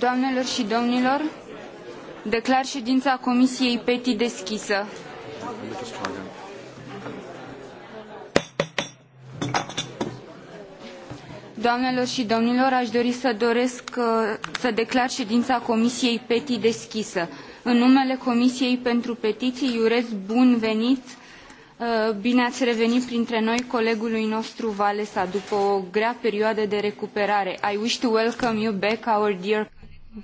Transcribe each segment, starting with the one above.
Doamnelor și domnilor, declar ședința Comisiei PETI deschisă. Doamnelor și domnilor, aș dori să doresc uh, să declar ședința Comisiei PETI deschisă. În numele Comisiei pentru Petiții, urez bun venit uh, Bine ați revenit printre noi colegului nostru Valesa după o grea perioadă de recuperare. I wish to welcome you back, our dear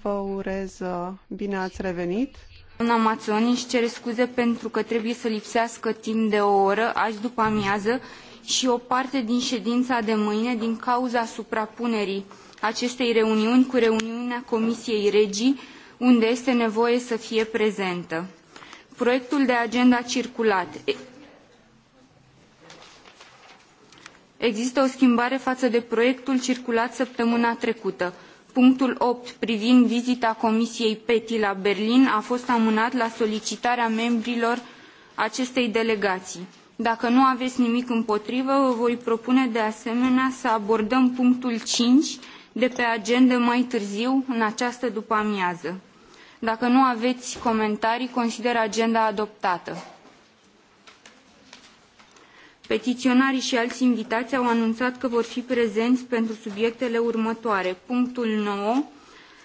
Vă urez uh, bine ați revenit. Doamna Mazzoni își cere scuze pentru că trebuie să lipsească timp de o oră, azi după amiază, și o parte din ședința de mâine din cauza suprapunerii acestei reuniuni cu reuniunea Comisiei Regii, unde este nevoie să fie prezentă. Proiectul de agenda circulat. Există o schimbare față de proiectul circulat săptămâna trecută punctul opt privind vizita comisiei peti la berlin a fost amânat la solicitarea membrilor acestei delegaii. dacă nu avei nimic împotrivă vă voi propune de asemenea să abordăm punctul cinci de pe agendă mai târziu în această după amiază. dacă nu avei comentarii consider agenda adoptată. Petiționarii și alți invitați au anunțat că vor fi prezenți pentru subiectele următoare. Punctul 9.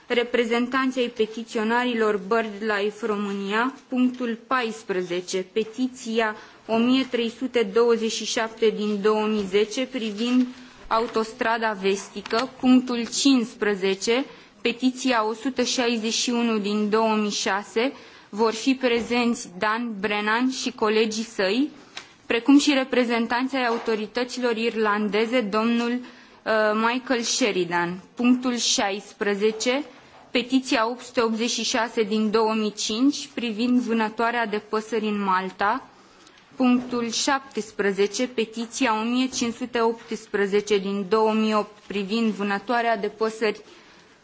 reprezentani ai petiționarilor BirdLife România. Punctul 14. Petiția șapte din 2010 privind autostrada vestică. Punctul 15. Petiția 161 din 2006 vor fi prezenți Dan Brennan și colegii săi precum și reprezentanții autorităților irlandeze, domnul uh, Michael Sheridan. Punctul 16, petiția 886 din 2005 privind vânătoarea de păsări în Malta. Punctul 17, petiția 1518 din 2008 privind vânătoarea de păsări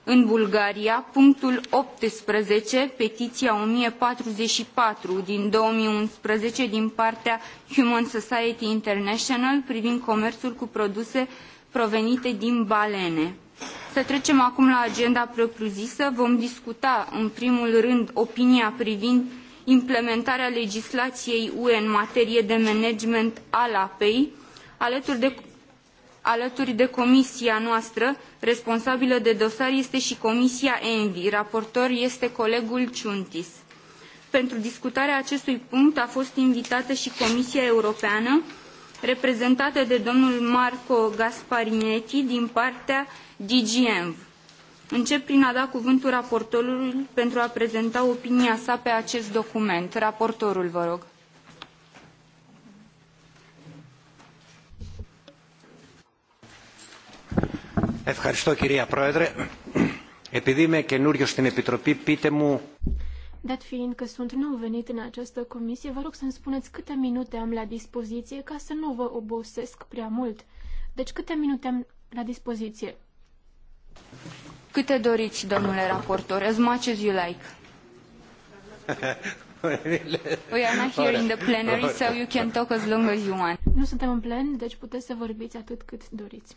în bulgaria punctul optsprezece petiia o mie patruzeci și patru din două mii unsprezece din partea human society international privind comerul cu produse provenite din balene. să trecem acum la agenda propriu zisă vom discuta în primul rând opinia privind implementarea legislaiei ue în materie de management al apei alături de alături de comisia noastră responsabilă de dosar este i comisia envi raportor este colegul chountis. pentru discutarea acestui punct a fost invitată i comisia europeană reprezentată de domnul marco gasparinetti din partea dg ENVI. încep prin a da cuvântul raportorului pentru a prezenta opinia sa pe acest document. raportorul vă rog. Dat fiind că sunt nou venit în această comisie, vă rog să-mi spuneți câte minute am la dispoziție ca să nu vă obosesc prea mult. Deci câte minute am la dispoziție? Câte doriți, domnule raportor, as much as you like. We are not here in the plenary, so you can talk as long as you want. Nu suntem în plen, deci puteți să vorbiți atât cât doriți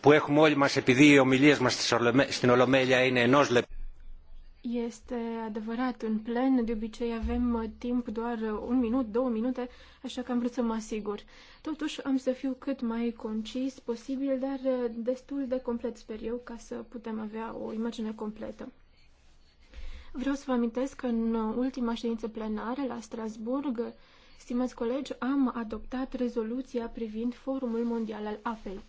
που έχουμε όλοι μας επειδή οι ομιλίες μας στην Ολομέλεια είναι ενός λεπτού este adevărat, în plen de obicei avem uh, timp doar uh, un minut, două minute, așa că am vrut să mă asigur. Totuși am să fiu cât mai concis posibil, dar uh, destul de complet, sper eu, ca să putem avea o imagine completă. Vreau să vă amintesc că în ultima ședință plenară la Strasburg, stimați colegi, am adoptat rezoluția privind Forumul Mondial al Apei.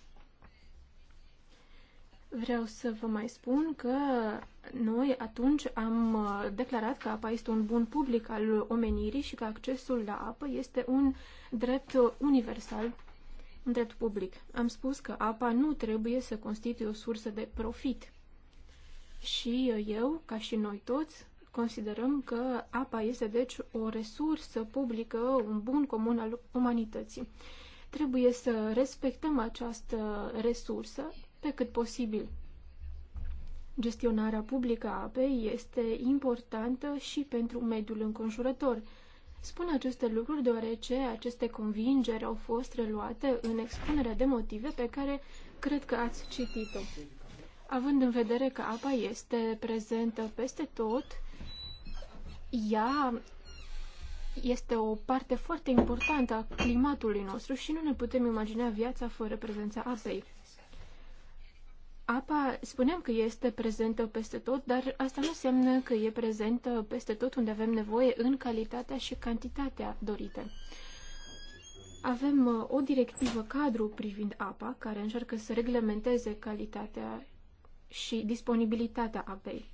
Vreau să vă mai spun că noi atunci am uh, declarat că apa este un bun public al omenirii și că accesul la apă este un drept universal, un drept public. Am spus că apa nu trebuie să constituie o sursă de profit. Și eu, ca și noi toți, considerăm că apa este deci o resursă publică, un bun comun al umanității. Trebuie să respectăm această resursă pe cât posibil. Gestionarea publică a apei este importantă și pentru mediul înconjurător. Spun aceste lucruri deoarece aceste convingeri au fost reluate în expunerea de motive pe care cred că ați citit-o. Având în vedere că apa este prezentă peste tot, ea este o parte foarte importantă a climatului nostru și nu ne putem imagina viața fără prezența apei. Apa, spuneam că este prezentă peste tot, dar asta nu înseamnă că e prezentă peste tot unde avem nevoie în calitatea și cantitatea dorite. Avem uh, o directivă cadru privind apa, care încearcă să reglementeze calitatea și disponibilitatea apei.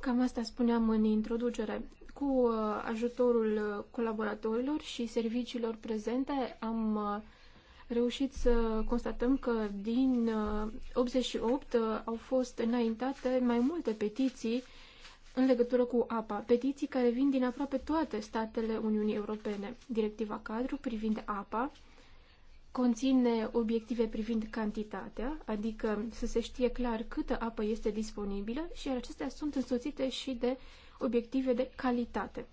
Cam asta spuneam în introducere. Cu uh, ajutorul uh, colaboratorilor și serviciilor prezente am uh, reușit să constatăm că din 88 uh, uh, au fost înaintate mai multe petiții în legătură cu apa, petiții care vin din aproape toate statele Uniunii Europene. Directiva cadru privind apa conține obiective privind cantitatea, adică să se știe clar câtă apă este disponibilă și acestea sunt însoțite și de obiective de calitate.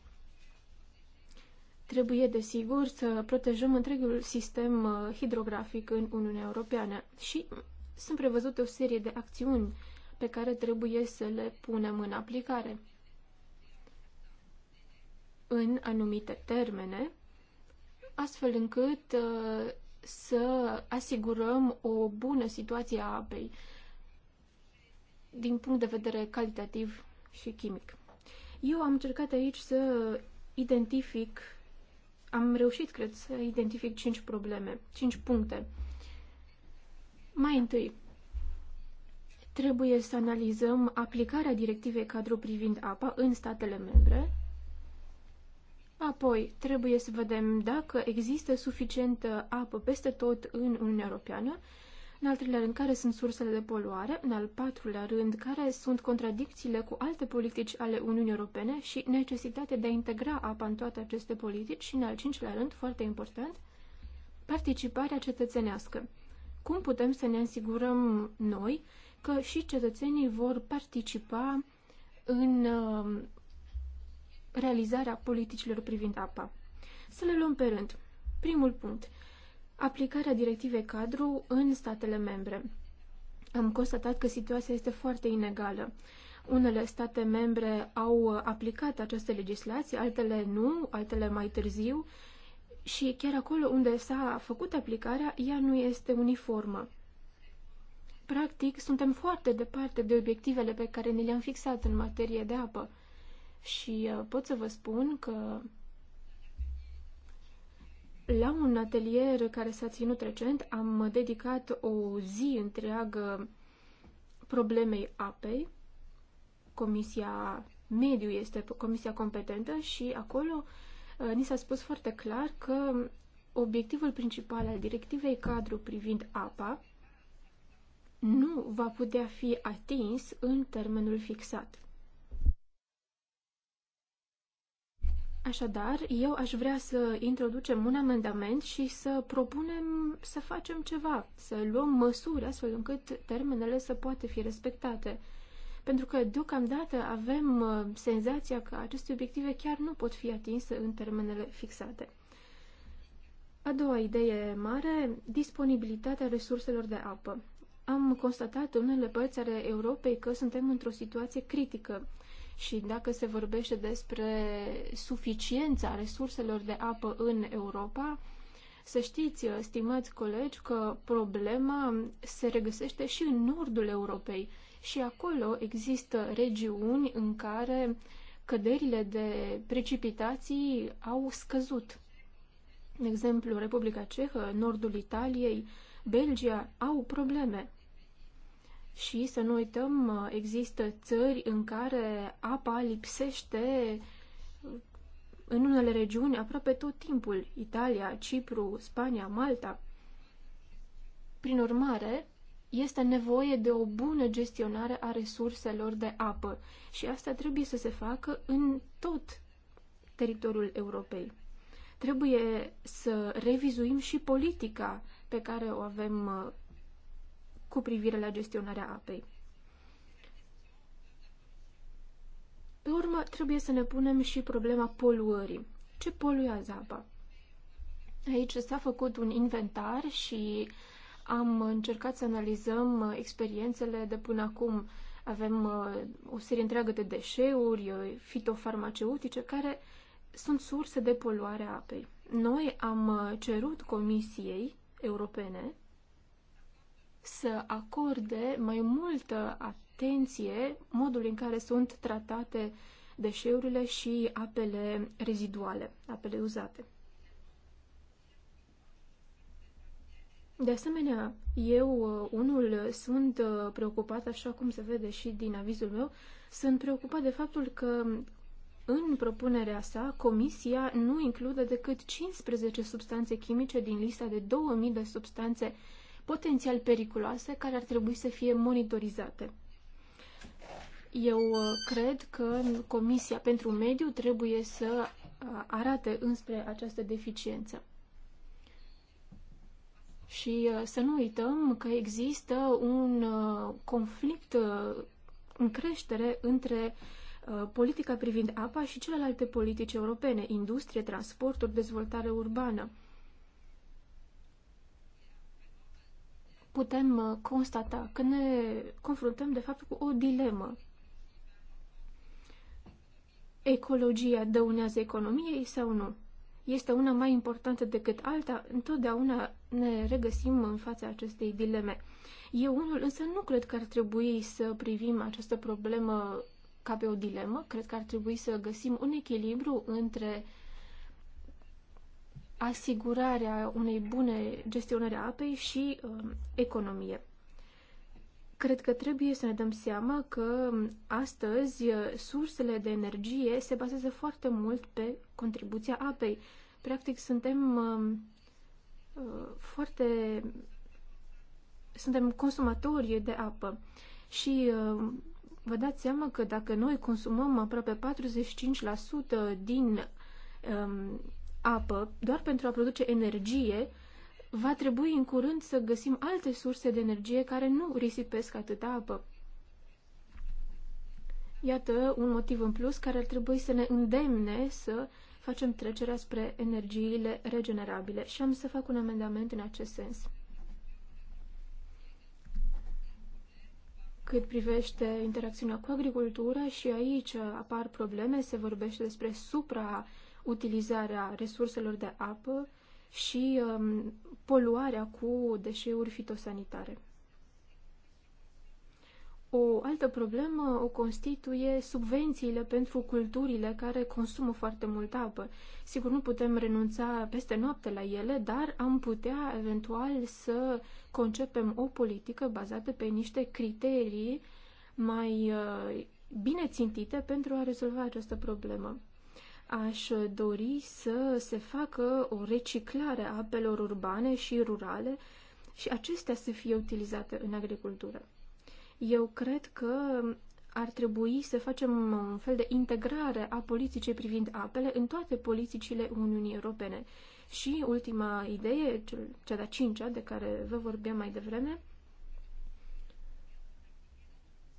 Trebuie, desigur, să protejăm întregul sistem uh, hidrografic în Uniunea Europeană și sunt prevăzute o serie de acțiuni pe care trebuie să le punem în aplicare în anumite termene, astfel încât uh, să asigurăm o bună situație a apei din punct de vedere calitativ și chimic. Eu am încercat aici să identific am reușit, cred, să identific cinci probleme, cinci puncte. Mai întâi, trebuie să analizăm aplicarea directivei cadru privind apa în statele membre. Apoi, trebuie să vedem dacă există suficientă apă peste tot în Uniunea Europeană în al treilea rând, care sunt sursele de poluare? În al patrulea rând, care sunt contradicțiile cu alte politici ale Uniunii Europene și necesitatea de a integra apa în toate aceste politici? Și în al cincilea rând, foarte important, participarea cetățenească. Cum putem să ne asigurăm noi că și cetățenii vor participa în um, realizarea politicilor privind apa? Să le luăm pe rând. Primul punct – aplicarea directivei cadru în statele membre. Am constatat că situația este foarte inegală. Unele state membre au aplicat această legislație, altele nu, altele mai târziu și chiar acolo unde s-a făcut aplicarea, ea nu este uniformă. Practic, suntem foarte departe de obiectivele pe care ne le-am fixat în materie de apă și uh, pot să vă spun că la un atelier care s-a ținut recent am dedicat o zi întreagă problemei apei. Comisia Mediu este comisia competentă și acolo uh, ni s-a spus foarte clar că obiectivul principal al directivei cadru privind apa nu va putea fi atins în termenul fixat. Așadar, eu aș vrea să introducem un amendament și să propunem să facem ceva, să luăm măsuri astfel încât termenele să poată fi respectate. Pentru că deocamdată avem uh, senzația că aceste obiective chiar nu pot fi atinse în termenele fixate. A doua idee mare, disponibilitatea resurselor de apă. Am constatat în unele părți ale Europei că suntem într-o situație critică și dacă se vorbește despre suficiența resurselor de apă în Europa, să știți, stimați colegi, că problema se regăsește și în nordul Europei și acolo există regiuni în care căderile de precipitații au scăzut. De exemplu, Republica Cehă, nordul Italiei, Belgia au probleme. Și să nu uităm, există țări în care apa lipsește în unele regiuni aproape tot timpul, Italia, Cipru, Spania, Malta. Prin urmare, este nevoie de o bună gestionare a resurselor de apă și asta trebuie să se facă în tot teritoriul Europei. Trebuie să revizuim și politica pe care o avem cu privire la gestionarea apei. Pe urmă, trebuie să ne punem și problema poluării. Ce poluează apa? Aici s-a făcut un inventar și am încercat să analizăm experiențele de până acum. Avem uh, o serie întreagă de deșeuri uh, fitofarmaceutice care sunt surse de poluare a apei. Noi am uh, cerut Comisiei Europene să acorde mai multă atenție modul în care sunt tratate deșeurile și apele reziduale, apele uzate. De asemenea, eu, uh, unul, sunt uh, preocupat, așa cum se vede și din avizul meu, sunt preocupat de faptul că în propunerea sa, Comisia nu include decât 15 substanțe chimice din lista de 2000 de substanțe potențial periculoase care ar trebui să fie monitorizate. Eu uh, cred că Comisia pentru Mediu trebuie să uh, arate înspre această deficiență. Și uh, să nu uităm că există un conflict în creștere între politica privind apa și celelalte politici europene, industrie, transporturi, dezvoltare urbană. putem uh, constata că ne confruntăm, de fapt, cu o dilemă. Ecologia dăunează economiei sau nu? Este una mai importantă decât alta? Întotdeauna ne regăsim în fața acestei dileme. Eu unul însă nu cred că ar trebui să privim această problemă ca pe o dilemă. Cred că ar trebui să găsim un echilibru între uh, asigurarea unei bune gestionări a apei și uh, economie. Cred că trebuie să ne dăm seama că um, astăzi uh, sursele de energie se bazează foarte mult pe contribuția apei. Practic suntem um, uh, foarte suntem consumatori de apă și uh, vă dați seama că dacă noi consumăm aproape 45% din apă doar pentru a produce energie, va trebui în curând să găsim alte surse de energie care nu risipesc atâta apă. Iată un motiv în plus care ar trebui să ne îndemne să facem trecerea spre energiile regenerabile și am să fac un amendament în acest sens. Cât privește interacțiunea cu agricultura și aici apar probleme, se vorbește despre supra utilizarea resurselor de apă și um, poluarea cu deșeuri fitosanitare. O altă problemă o constituie subvențiile pentru culturile care consumă foarte mult apă. Sigur, nu putem renunța peste noapte la ele, dar am putea eventual să concepem o politică bazată pe niște criterii mai uh, bine țintite pentru a rezolva această problemă. Aș dori să se facă o reciclare a apelor urbane și rurale și acestea să fie utilizate în agricultură. Eu cred că ar trebui să facem un fel de integrare a politicii privind apele în toate politicile Uniunii Europene. Și ultima idee, cea de-a cincea, de care vă vorbeam mai devreme,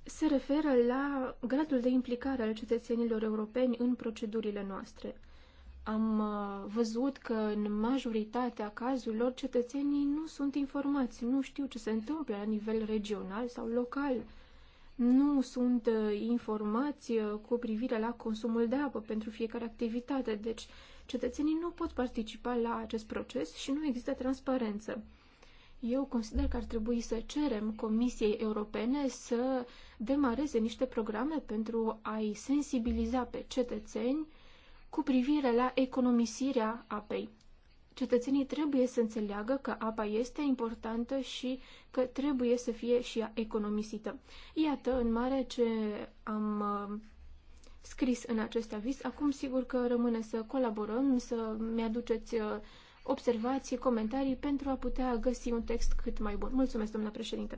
se referă la gradul de implicare al cetățenilor europeni în procedurile noastre. Am uh, văzut că în majoritatea cazurilor cetățenii nu sunt informați, nu știu ce se întâmplă la nivel regional sau local, nu sunt uh, informați uh, cu privire la consumul de apă pentru fiecare activitate, deci cetățenii nu pot participa la acest proces și nu există transparență. Eu consider că ar trebui să cerem Comisiei Europene să demareze niște programe pentru a-i sensibiliza pe cetățeni cu privire la economisirea apei. Cetățenii trebuie să înțeleagă că apa este importantă și că trebuie să fie și ea economisită. Iată, în mare ce am uh, scris în acest aviz. Acum, sigur că rămâne să colaborăm, să mi-aduceți uh, observații, comentarii pentru a putea găsi un text cât mai bun. Mulțumesc, doamna președinte!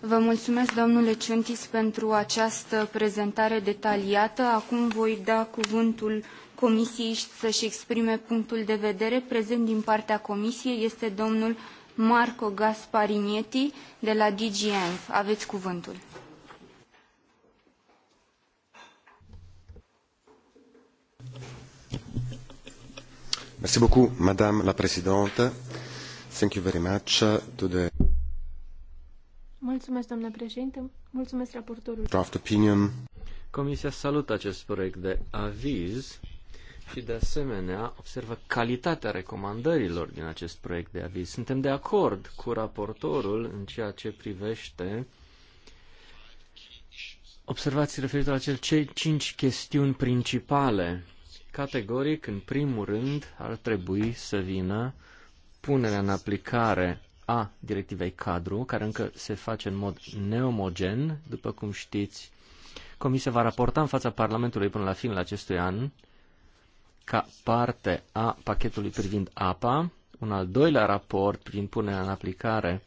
Vă mulțumesc, domnule Ciuntis, pentru această prezentare detaliată. Acum voi da cuvântul Comisiei să-și exprime punctul de vedere. Prezent din partea Comisiei este domnul Marco Gasparinieti de la DGM. Aveți cuvântul. Merci beaucoup, Madame la Présidente. Thank you very much to the Mulțumesc, domnule președinte. Mulțumesc raportorului. Draft opinion. Comisia salută acest proiect de aviz și, de asemenea, observă calitatea recomandărilor din acest proiect de aviz. Suntem de acord cu raportorul în ceea ce privește observații referitoare la cele cinci chestiuni principale Categoric, în primul rând, ar trebui să vină punerea în aplicare a directivei cadru, care încă se face în mod neomogen, după cum știți. Comisia va raporta în fața Parlamentului până la finul acestui an ca parte a pachetului privind apa. Un al doilea raport privind punerea în aplicare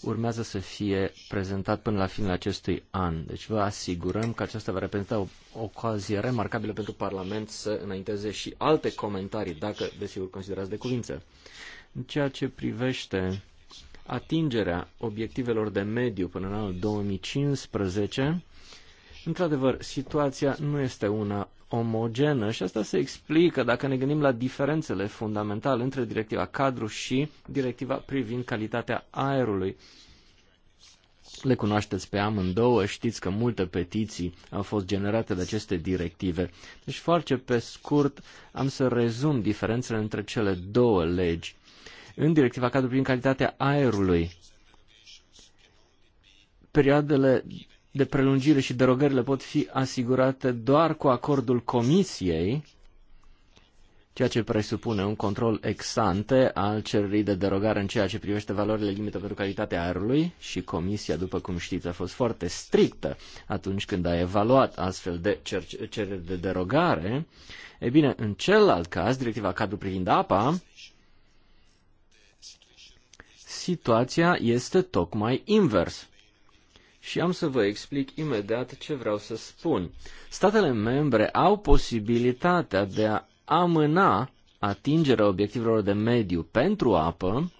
urmează să fie prezentat până la finele acestui an. Deci vă asigurăm că aceasta va reprezenta o ocazie remarcabilă pentru Parlament să înainteze și alte comentarii, dacă desigur considerați de cuvință. În ceea ce privește atingerea obiectivelor de mediu până în anul 2015, într-adevăr, situația nu este una omogenă și asta se explică dacă ne gândim la diferențele fundamentale între directiva cadru și directiva privind calitatea aerului. Le cunoașteți pe amândouă, știți că multe petiții au fost generate de aceste directive. Deci foarte pe scurt am să rezum diferențele între cele două legi. În directiva cadru privind calitatea aerului, perioadele de prelungire și derogările pot fi asigurate doar cu acordul comisiei, ceea ce presupune un control ex ante al cererii de derogare în ceea ce privește valorile limită pentru calitatea aerului și comisia, după cum știți, a fost foarte strictă atunci când a evaluat astfel de cereri de derogare. E bine, în celălalt caz, directiva cadru privind apa, situația este tocmai invers. Și am să vă explic imediat ce vreau să spun. Statele membre au posibilitatea de a amâna atingerea obiectivelor de mediu pentru apă.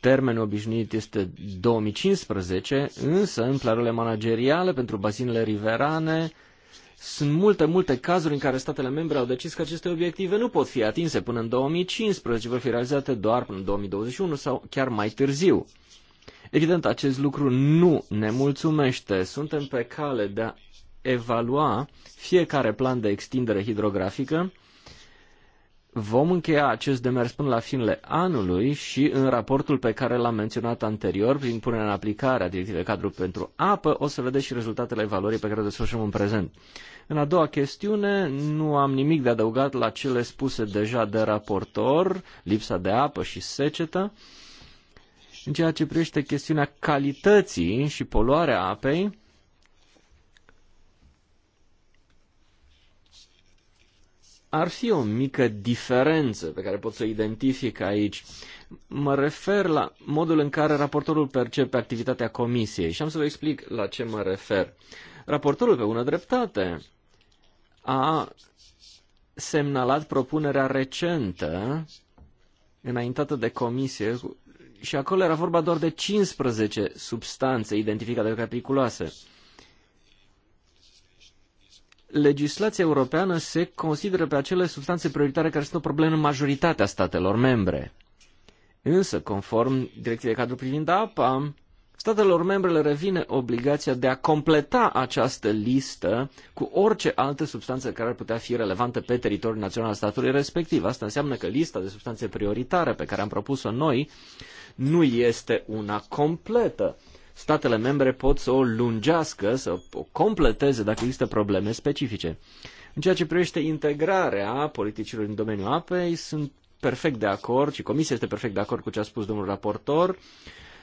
Termenul obișnuit este 2015, însă în planurile manageriale pentru bazinele riverane sunt multe, multe cazuri în care statele membre au decis că aceste obiective nu pot fi atinse până în 2015, vor fi realizate doar până în 2021 sau chiar mai târziu. Evident, acest lucru nu ne mulțumește. Suntem pe cale de a evalua fiecare plan de extindere hidrografică. Vom încheia acest demers până la finele anului și în raportul pe care l-am menționat anterior, prin punerea în aplicare a directivei cadru pentru apă, o să vedeți și rezultatele evaluării pe care o desfășurăm în prezent. În a doua chestiune, nu am nimic de adăugat la cele spuse deja de raportor, lipsa de apă și secetă. Uh, în ceea ce privește chestiunea calității și poluarea apei, ar fi o mică diferență pe care pot să o identific aici. Mă refer la modul în care raportorul percepe activitatea comisiei și am să vă explic la ce mă refer. Raportorul, pe bună dreptate, a semnalat propunerea recentă înaintată de comisie și acolo era vorba doar de 15 substanțe identificate ca periculoase. Legislația europeană se consideră pe acele substanțe prioritare care sunt o problemă în majoritatea statelor membre. Însă, conform directivei cadru privind apa, statelor membre le revine obligația de a completa această listă cu orice alte substanțe care ar putea fi relevante pe teritoriul național al statului respectiv. Asta înseamnă că lista de substanțe prioritare pe care am propus-o noi nu este una completă. Statele membre pot să o lungească, să o completeze dacă există probleme specifice. În ceea ce privește integrarea politicilor în domeniul apei, sunt perfect de acord și comisia este perfect de acord cu ce a spus domnul raportor. Uh,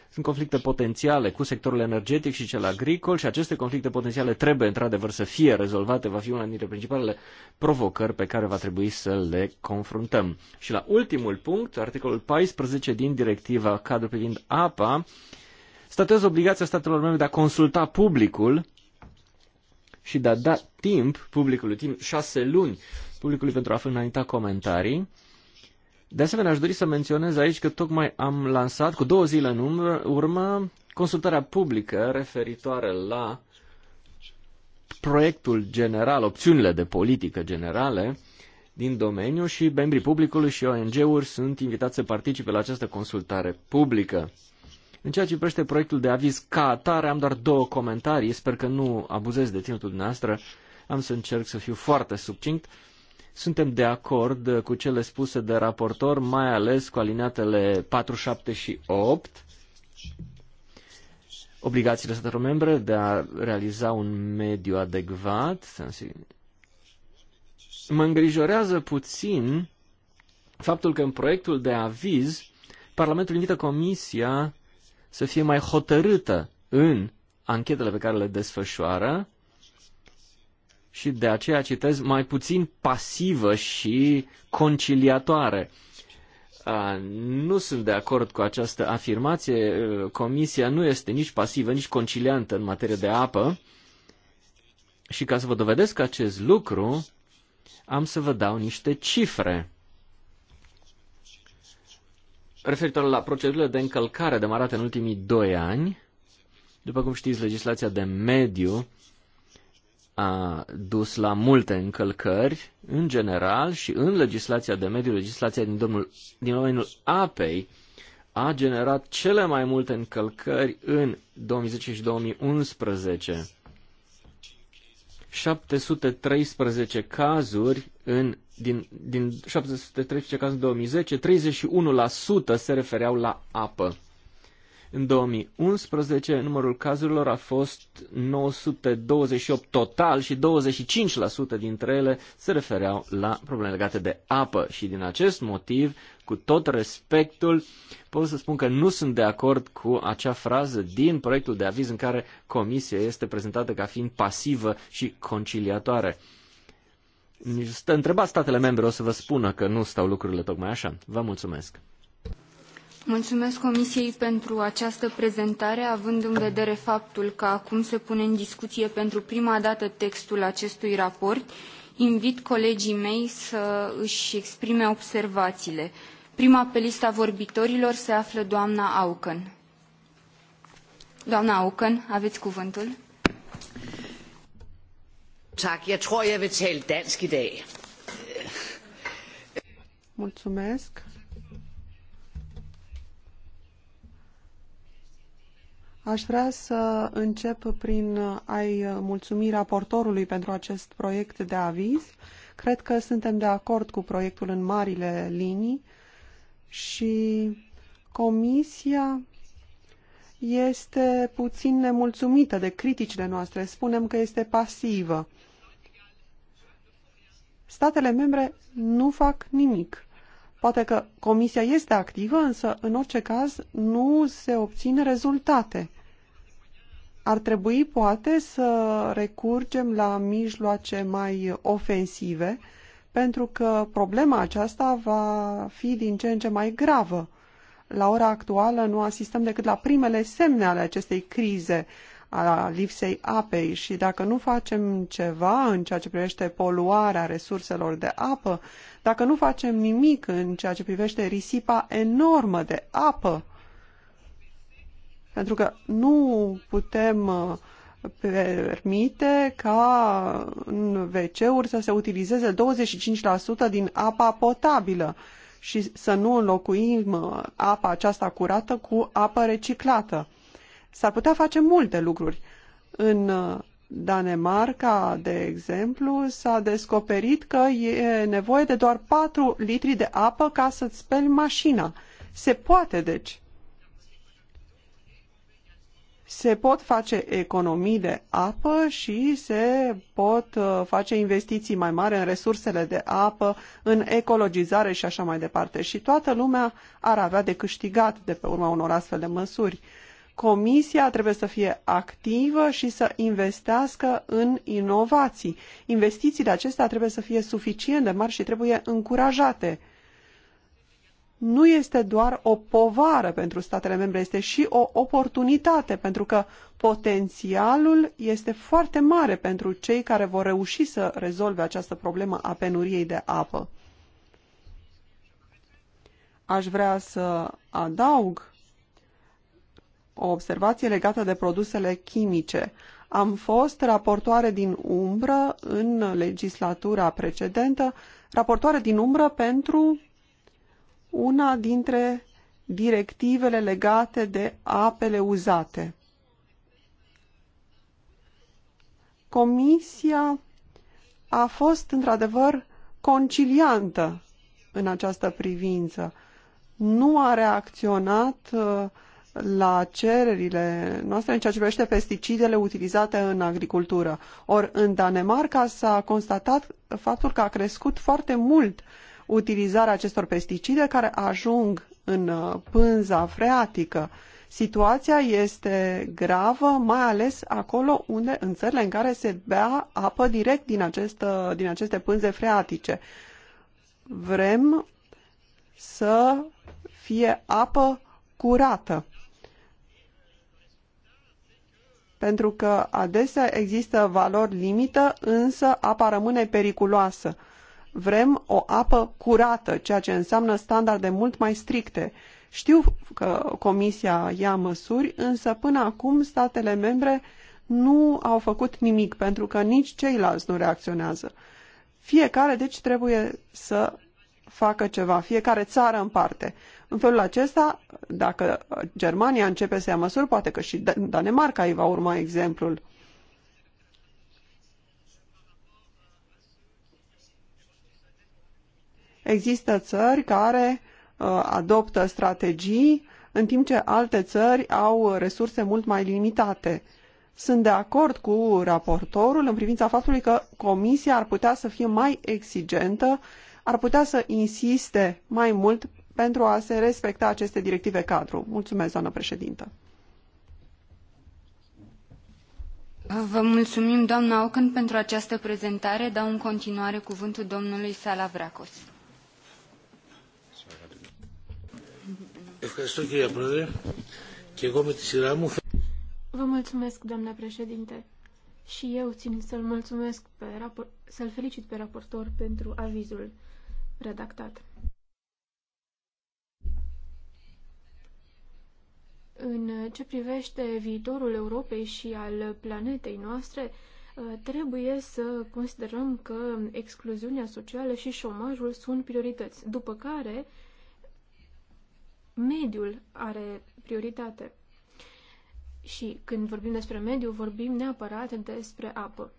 sunt conflicte potențiale cu sectorul energetic și cel agricol și aceste conflicte potențiale trebuie într-adevăr să fie rezolvate, va fi una dintre principalele provocări pe care va trebui să le confruntăm. Și la ultimul punct, articolul 14 din directiva cadru privind apa, statuează obligația statelor membre de a consulta publicul și de a da timp publicului, timp șase luni publicului pentru a înainta comentarii de asemenea, aș dori să menționez aici că tocmai am lansat, cu două zile în urmă, consultarea publică referitoare la proiectul general, opțiunile de politică generale din domeniu și membrii publicului și ONG-uri sunt invitați să participe la această consultare publică. În ceea ce privește proiectul de aviz ca atare, am doar două comentarii, sper că nu abuzez de timpul dumneavoastră, am să încerc să fiu foarte succint. Uh, suntem de acord cu cele spuse de raportor, mai ales cu alineatele 4, 7 și 8, obligațiile statelor membre de a realiza un mediu adecvat. Mă îngrijorează puțin faptul că în proiectul de aviz Parlamentul invită Comisia să fie mai hotărâtă în anchetele pe care le desfășoară și de aceea citez mai puțin pasivă și conciliatoare. Nu sunt de acord cu această afirmație. Comisia nu este nici pasivă, nici conciliantă în materie de apă. Și ca să vă dovedesc acest lucru, am să vă dau niște cifre referitor la procedurile de încălcare demarate în ultimii doi ani. După cum știți, legislația de mediu a dus la multe încălcări, în general, și în legislația de mediu, legislația din, domnul, din domeniul apei, a generat cele mai multe încălcări în 2010 și 2011. 713 cazuri în, din, din 713 cazuri în 2010, 31% se refereau la apă. În 2011, numărul cazurilor a fost 928 total și 25% dintre ele se refereau la probleme legate de apă și din acest motiv, cu tot respectul, pot să spun că nu sunt de acord cu acea frază din proiectul de aviz în care comisia este prezentată ca fiind pasivă și conciliatoare. întrebați statele membre, o să vă spună că nu stau lucrurile tocmai așa. Vă mulțumesc mulumesc Comisiei pentru această prezentare, având în vedere faptul că acum se pune în discuție pentru prima dată textul acestui raport. Invit colegii mei să îi exprime observațiile. Prima pe lista vorbitorilor se află doamna Auken. Doamna Auken, aveți cuvântul. Tak, jeg tror, jeg vil tale dansk i dag. Mulțumesc. Aș vrea să încep prin a-i mulțumi raportorului pentru acest proiect de aviz. Cred că suntem de acord cu proiectul în marile linii și Comisia este puțin nemulțumită de criticile noastre. Spunem că este pasivă. Statele membre nu fac nimic. Poate că Comisia este activă, însă, în orice caz, nu se obțin rezultate. Ar trebui poate să recurgem la mijloace mai ofensive, pentru că problema aceasta va fi din ce în ce mai gravă. La ora actuală nu asistăm decât la primele semne ale acestei crize, a lipsei apei și dacă nu facem ceva în ceea ce privește poluarea resurselor de apă, dacă nu facem nimic în ceea ce privește risipa enormă de apă, pentru că nu putem uh, permite ca în WC-uri să se utilizeze 25% din apa potabilă și să nu înlocuim uh, apa aceasta curată cu apă reciclată. S-ar putea face multe lucruri. În uh, Danemarca, de exemplu, s-a descoperit că e nevoie de doar 4 litri de apă ca să-ți speli mașina. Se poate, deci se pot face economii de apă și se pot uh, face investiții mai mari în resursele de apă, în ecologizare și așa mai departe. Și toată lumea ar avea de câștigat de pe urma unor astfel de măsuri. Comisia trebuie să fie activă și să investească în inovații. Investițiile acestea trebuie să fie suficient de mari și trebuie încurajate nu este doar o povară pentru statele membre, este și o oportunitate, pentru că potențialul este foarte mare pentru cei care vor reuși să rezolve această problemă a penuriei de apă. Aș vrea să adaug o observație legată de produsele chimice. Am fost raportoare din umbră în legislatura precedentă, raportoare din umbră pentru una dintre directivele legate de apele uzate. Comisia a fost într-adevăr conciliantă în această privință. Nu a reacționat uh, la cererile noastre în ceea ce privește pesticidele utilizate în agricultură. Ori în Danemarca s-a constatat faptul că a crescut foarte mult uh, utilizarea acestor pesticide care ajung în uh, pânza freatică. Situația este gravă, mai ales acolo unde, în țările în care se bea apă direct din, acest, uh, din aceste pânze freatice. Vrem să fie apă curată. Pentru că adesea există valori limită, însă apa rămâne periculoasă. Vrem o apă curată, ceea ce înseamnă standarde mult mai stricte. Știu că Comisia ia măsuri, însă până acum statele membre nu au făcut nimic, pentru că nici ceilalți nu reacționează. Fiecare, deci, trebuie să facă ceva, fiecare țară în parte. În felul acesta, dacă Germania începe să ia măsuri, poate că și Danemarca îi va urma exemplul. Există țări care uh, adoptă strategii, în timp ce alte țări au resurse mult mai limitate. Sunt de acord cu raportorul în privința faptului că Comisia ar putea să fie mai exigentă, ar putea să insiste mai mult pentru a se respecta aceste directive cadru. Mulțumesc, doamnă președintă. Vă mulțumim, doamna Ocan, pentru această prezentare. Dau în continuare cuvântul domnului Salavracos. Vă mulțumesc, doamna președinte. Și eu țin să-l mulțumesc pe rapor- să-l felicit pe raportor pentru avizul redactat. În ce privește viitorul Europei și al planetei noastre, ă, trebuie să considerăm că excluziunea socială și șomajul sunt priorități, după care mediul are prioritate. Și când vorbim despre mediu, vorbim neapărat despre apă.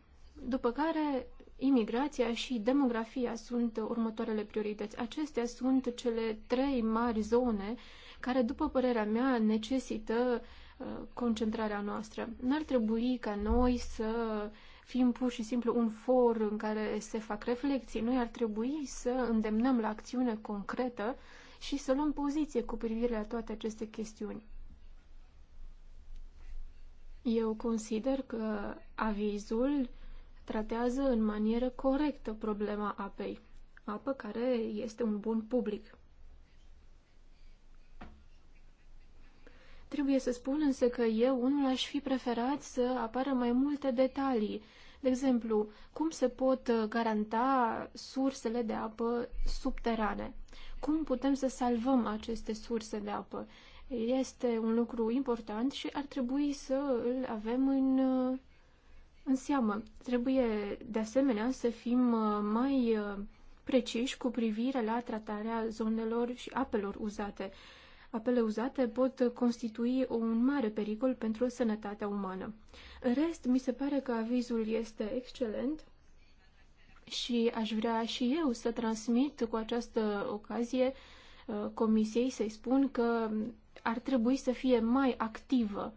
După care, imigrația și demografia sunt următoarele priorități. Acestea sunt cele trei mari zone care, după părerea mea, necesită uh, concentrarea noastră. N-ar trebui ca noi să fim pur și simplu un for în care se fac reflexii. Noi ar trebui să îndemnăm la acțiune concretă și să luăm poziție cu privire la toate aceste chestiuni. Eu consider că avizul tratează în manieră corectă problema apei, apă care este un bun public. Trebuie să spun însă că eu unul aș fi preferat să apară mai multe detalii. De exemplu, cum se pot uh, garanta sursele de apă subterane cum putem să salvăm aceste surse de apă. Este un lucru important și ar trebui să îl avem în, în seamă. Trebuie, de asemenea, să fim uh, mai uh, preciși cu privire la tratarea zonelor și apelor uzate. Apele uzate pot constitui un mare pericol pentru sănătatea umană. În rest, mi se pare că avizul este excelent și aș vrea și eu să transmit cu această ocazie uh, comisiei să-i spun că ar trebui să fie mai activă.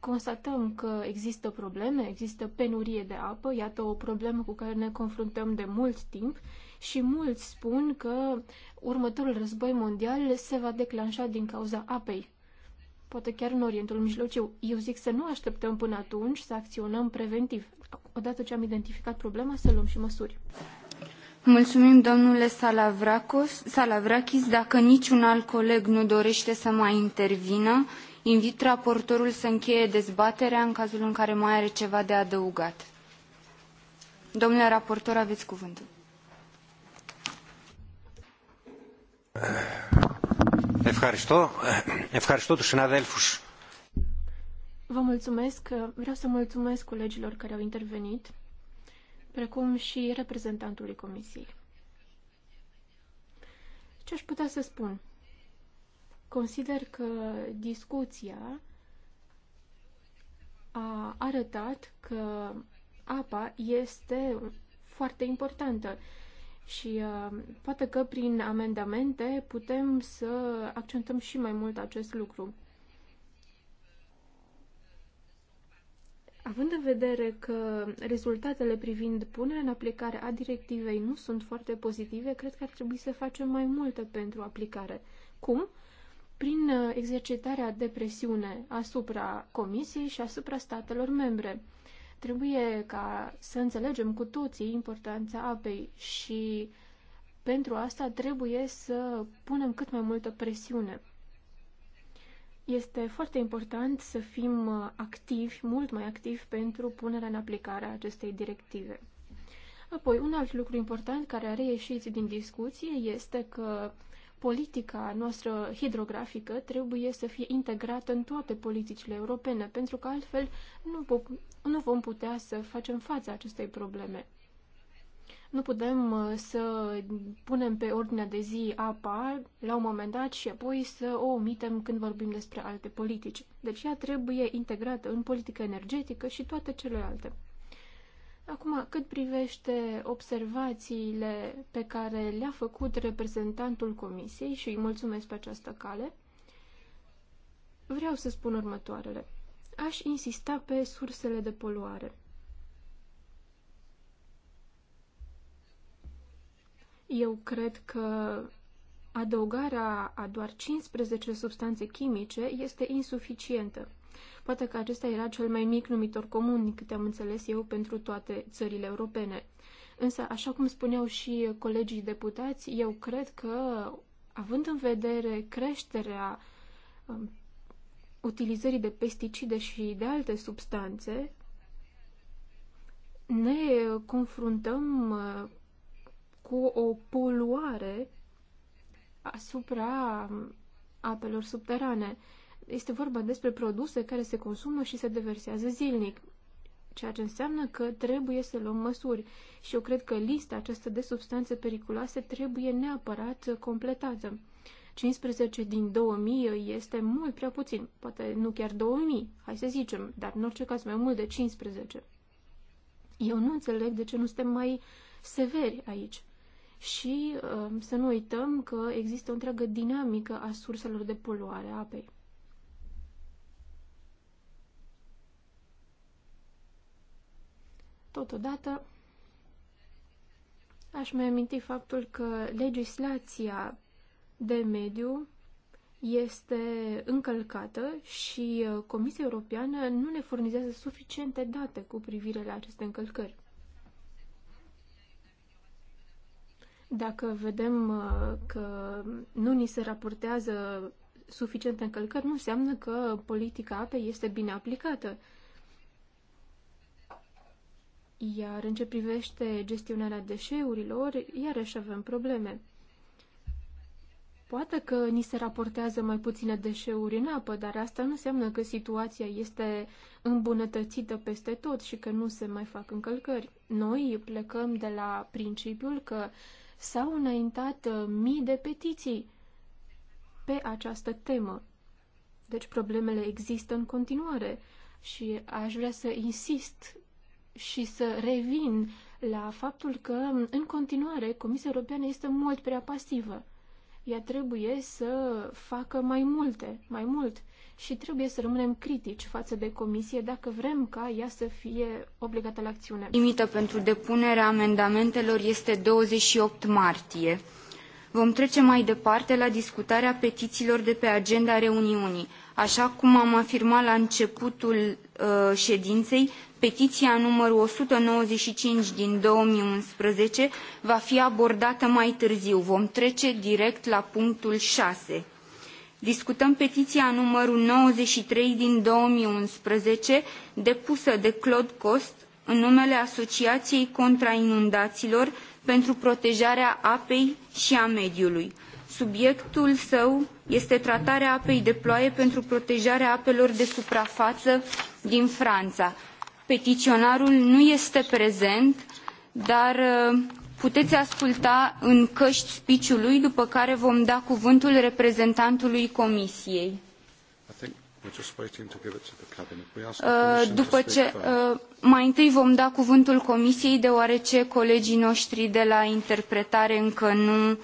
Constatăm că există probleme, există penurie de apă, iată o problemă cu care ne confruntăm de mult timp și mulți spun că următorul război mondial se va declanșa din cauza apei. Poate chiar în Orientul Mijlociu. Eu zic să nu așteptăm până atunci să acționăm preventiv. Odată ce am identificat problema, să luăm și măsuri. Mulțumim, domnule Salavracos, Salavrakis. Dacă niciun alt coleg nu dorește să mai intervină, invit raportorul să încheie dezbaterea în cazul în care mai are ceva de adăugat. Domnule raportor, aveți cuvântul. Ευχαριστώ. Ευχαριστώ τους συναδέλφους Vă mulțumesc. Vreau să mulțumesc colegilor care au intervenit, precum și reprezentantului Comisiei. Ce aș putea să spun? Consider că discuția a arătat că apa este foarte importantă și uh, poate că prin amendamente putem să accentăm și mai mult acest lucru. Având în vedere că rezultatele privind punerea în aplicare a directivei nu sunt foarte pozitive, cred că ar trebui să facem mai multe pentru aplicare. Cum? Prin uh, exercitarea de presiune asupra Comisiei și asupra statelor membre. Trebuie ca să înțelegem cu toții importanța apei și pentru asta trebuie să punem cât mai multă presiune. Este foarte important să fim uh, activi, mult mai activi, pentru punerea în aplicare a acestei directive. Apoi, un alt lucru important care a reieșit din discuție este că politica noastră hidrografică trebuie să fie integrată în toate politicile europene, pentru că altfel nu, vom putea să facem față acestei probleme. Nu putem uh, să punem pe ordinea de zi apa la un moment dat și apoi să o omitem când vorbim despre alte politici. Deci ea trebuie integrată în politică energetică și toate celelalte. Acum, cât privește observațiile pe care le-a făcut reprezentantul Comisiei și îi mulțumesc pe această cale, vreau să spun următoarele. Aș insista pe sursele de poluare. Eu cred că adăugarea a doar 15 substanțe chimice este insuficientă. Poate că acesta era cel mai mic numitor comun, câte am înțeles eu, pentru toate țările europene. Însă, așa cum spuneau și colegii deputați, eu cred că, având în vedere creșterea um, utilizării de pesticide și de alte substanțe, ne confruntăm uh, cu o poluare asupra apelor subterane. Este vorba despre produse care se consumă și se deversează zilnic, ceea ce înseamnă că trebuie să luăm măsuri și eu cred că lista aceasta de substanțe periculoase trebuie neapărat completată. 15 din 2000 este mult prea puțin, poate nu chiar 2000, hai să zicem, dar în orice caz mai mult de 15. Eu nu înțeleg de ce nu suntem mai severi aici și um, să nu uităm că există o întreagă dinamică a surselor de poluare a apei. Totodată, aș mai aminti faptul că legislația de mediu este încălcată și uh, Comisia Europeană nu ne furnizează suficiente date cu privire la aceste încălcări. Dacă vedem uh, că nu ni se raportează suficiente încălcări, nu înseamnă că politica apei este bine aplicată. Iar în ce privește gestionarea deșeurilor, iarăși avem probleme. Poate că ni se raportează mai puține deșeuri în apă, dar asta nu înseamnă că situația este îmbunătățită peste tot și că nu se mai fac încălcări. Noi plecăm de la principiul că s-au înaintat uh, mii de petiții pe această temă. Deci problemele există în continuare și aș vrea să insist și să revin la faptul că, în continuare, Comisia Europeană este mult prea pasivă. Ea trebuie să facă mai multe, mai mult și trebuie să rămânem critici față de comisie dacă vrem ca ea să fie obligată la acțiune. Limită pentru depunerea amendamentelor este 28 martie. Vom trece mai departe la discutarea petițiilor de pe agenda reuniunii. Așa cum am afirmat la începutul uh, ședinței, petiția numărul 195 din 2011 va fi abordată mai târziu. Vom trece direct la punctul 6 discutăm petiia numărul nouăzeci și trei din două mii unsprezece depusă de claude coste în numele asociaiei contra inundaiilor pentru protejarea apei i a mediului. subiectul său este tratarea apei de ploaie pentru protejarea apelor de suprafaă din frana. petiionarul nu este prezent dar uh, puteți asculta în căști speech-ul lui, după care vom da cuvântul reprezentantului Comisiei. Uh, după ce, uh, mai întâi vom da cuvântul Comisiei, deoarece colegii noștri de la interpretare încă nu uh,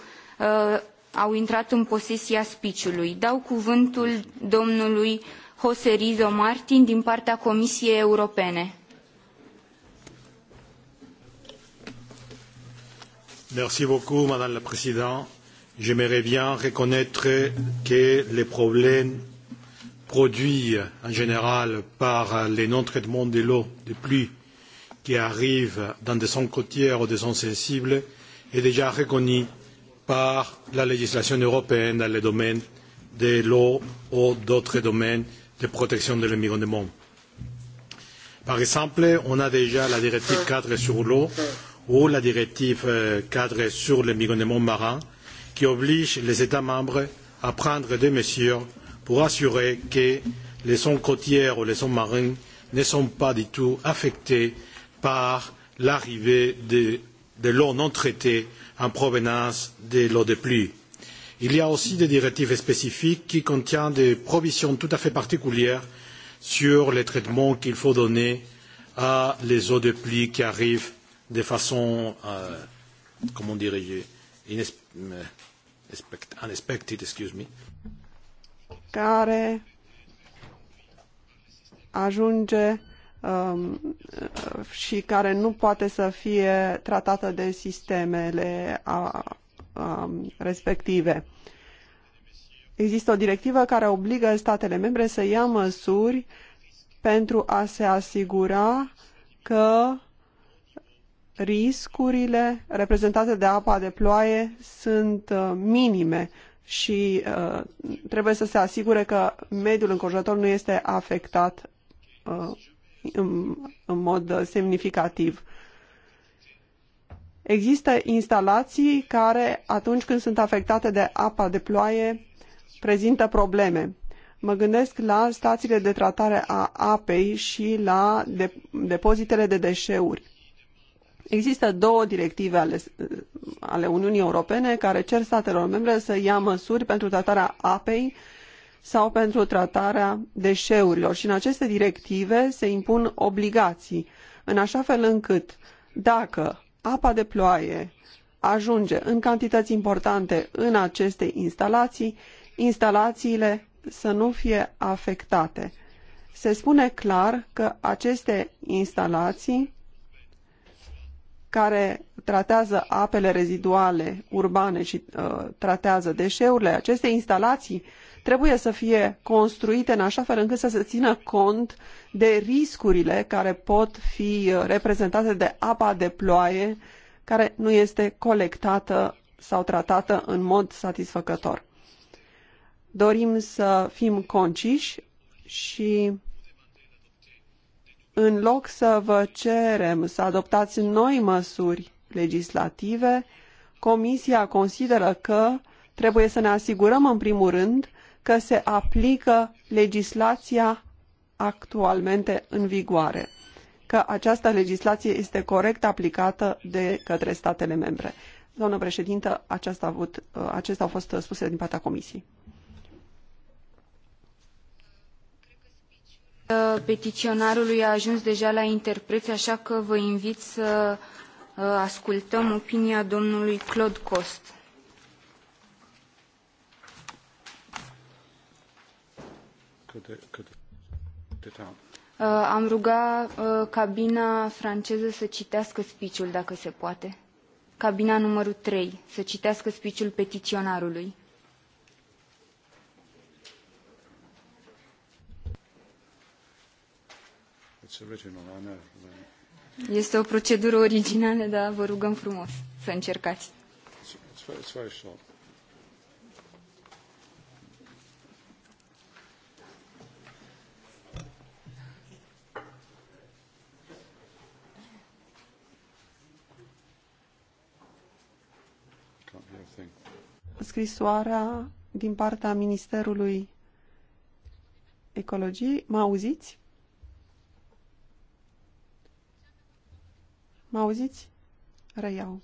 au intrat în posesia speech-ului. Dau cuvântul domnului José Rizo Martin din partea Comisiei Europene. Merci beaucoup, Madame la Présidente. J'aimerais bien reconnaître que les problèmes produits en général par les non-traitements de l'eau de pluie qui arrivent dans des zones côtières ou des zones sensibles est déjà reconnu par la législation européenne dans le domaine de l'eau ou d'autres domaines de protection de l'environnement. Par exemple, on a déjà la directive cadre sur l'eau ou la directive euh, cadre sur l'environnement marin qui oblige les États membres à prendre des mesures pour assurer que les zones côtières ou les zones marines ne sont pas du tout affectées par l'arrivée de, de l'eau non traitée en provenance de l'eau de pluie. Il y a aussi des directives spécifiques qui contiennent des provisions tout à fait particulières sur les traitements qu'il faut donner à les eaux de pluie qui arrivent de façon, euh, comment dirais-je, euh, unexpected, excuse me. Care ajunge um, uh, și care nu poate să fie tratată de sistemele a, a, um, respective. Există o directivă care obligă statele membre să ia măsuri pentru a se asigura că riscurile reprezentate de apa de ploaie sunt uh, minime și uh, trebuie să se asigure că mediul înconjurător nu este afectat uh, în, în mod semnificativ. Există instalații care, atunci când sunt afectate de apa de ploaie, prezintă probleme. Mă gândesc la stațiile de tratare a apei și la depozitele de deșeuri Există două directive ale, ale Uniunii Europene care cer statelor membre să ia măsuri pentru tratarea apei sau pentru tratarea deșeurilor și în aceste directive se impun obligații în așa fel încât dacă apa de ploaie ajunge în cantități importante în aceste instalații, instalațiile să nu fie afectate. Se spune clar că aceste instalații care tratează apele reziduale urbane și uh, tratează deșeurile, aceste instalații trebuie să fie construite în așa fel încât să se țină cont de riscurile care pot fi uh, reprezentate de apa de ploaie care nu este colectată sau tratată în mod satisfăcător. Dorim să fim conciși și în loc să vă cerem să adoptați noi măsuri legislative, Comisia consideră că trebuie să ne asigurăm în primul rând că se aplică legislația actualmente în vigoare, că această legislație este corect aplicată de către statele membre. Doamnă președintă, a uh, acestea au fost uh, spuse din partea Comisiei. petiionarului a ajuns deja la interpreți, așa că vă invit să uh, ascultăm opinia domnului Claude Cost. Uh, am ruga uh, cabina franceză să citească speech-ul, dacă se poate. Cabina numărul 3, să citească speech-ul petiționarului. Este o procedură originală, dar vă rugăm frumos să încercați. Scrisoarea din partea Ministerului Ecologiei. Mă auziți? Mă auziți? Reiau.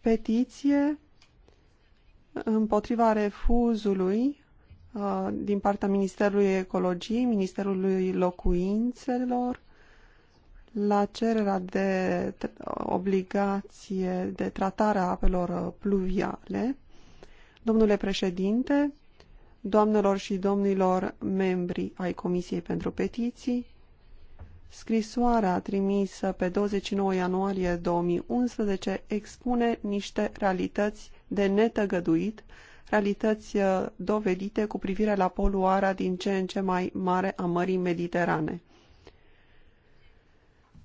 Petiție împotriva refuzului uh, din partea Ministerului Ecologiei, Ministerului Locuințelor, la cererea de obligație de tratare a apelor uh, pluviale. Domnule președinte, doamnelor și domnilor membri ai Comisiei pentru Petiții, Scrisoarea trimisă pe 29 ianuarie 2011 expune niște realități de netăgăduit, realități uh, dovedite cu privire la poluarea din ce în ce mai mare a Mării Mediterane.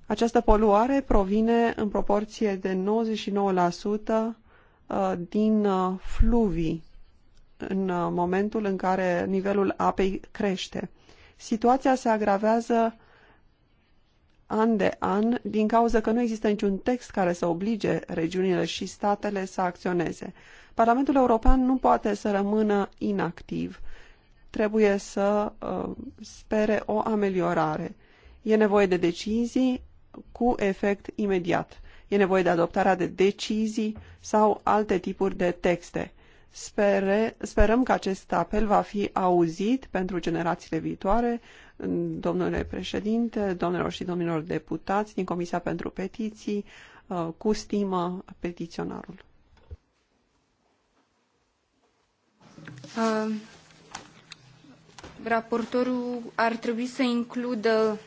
Această poluare provine în proporție de 99% uh, din uh, fluvii în momentul în care nivelul apei crește. Situația se agravează an de an din cauza că nu există niciun text care să oblige regiunile și statele să acționeze. Parlamentul European nu poate să rămână inactiv. Trebuie să uh, spere o ameliorare. E nevoie de decizii cu efect imediat. E nevoie de adoptarea de decizii sau alte tipuri de texte. Spere, sperăm că acest apel va fi auzit pentru generațiile viitoare. Domnule președinte, domnilor și domnilor deputați din Comisia pentru Petiții, uh, cu stimă petiționarul. Uh, raportorul ar trebui să includă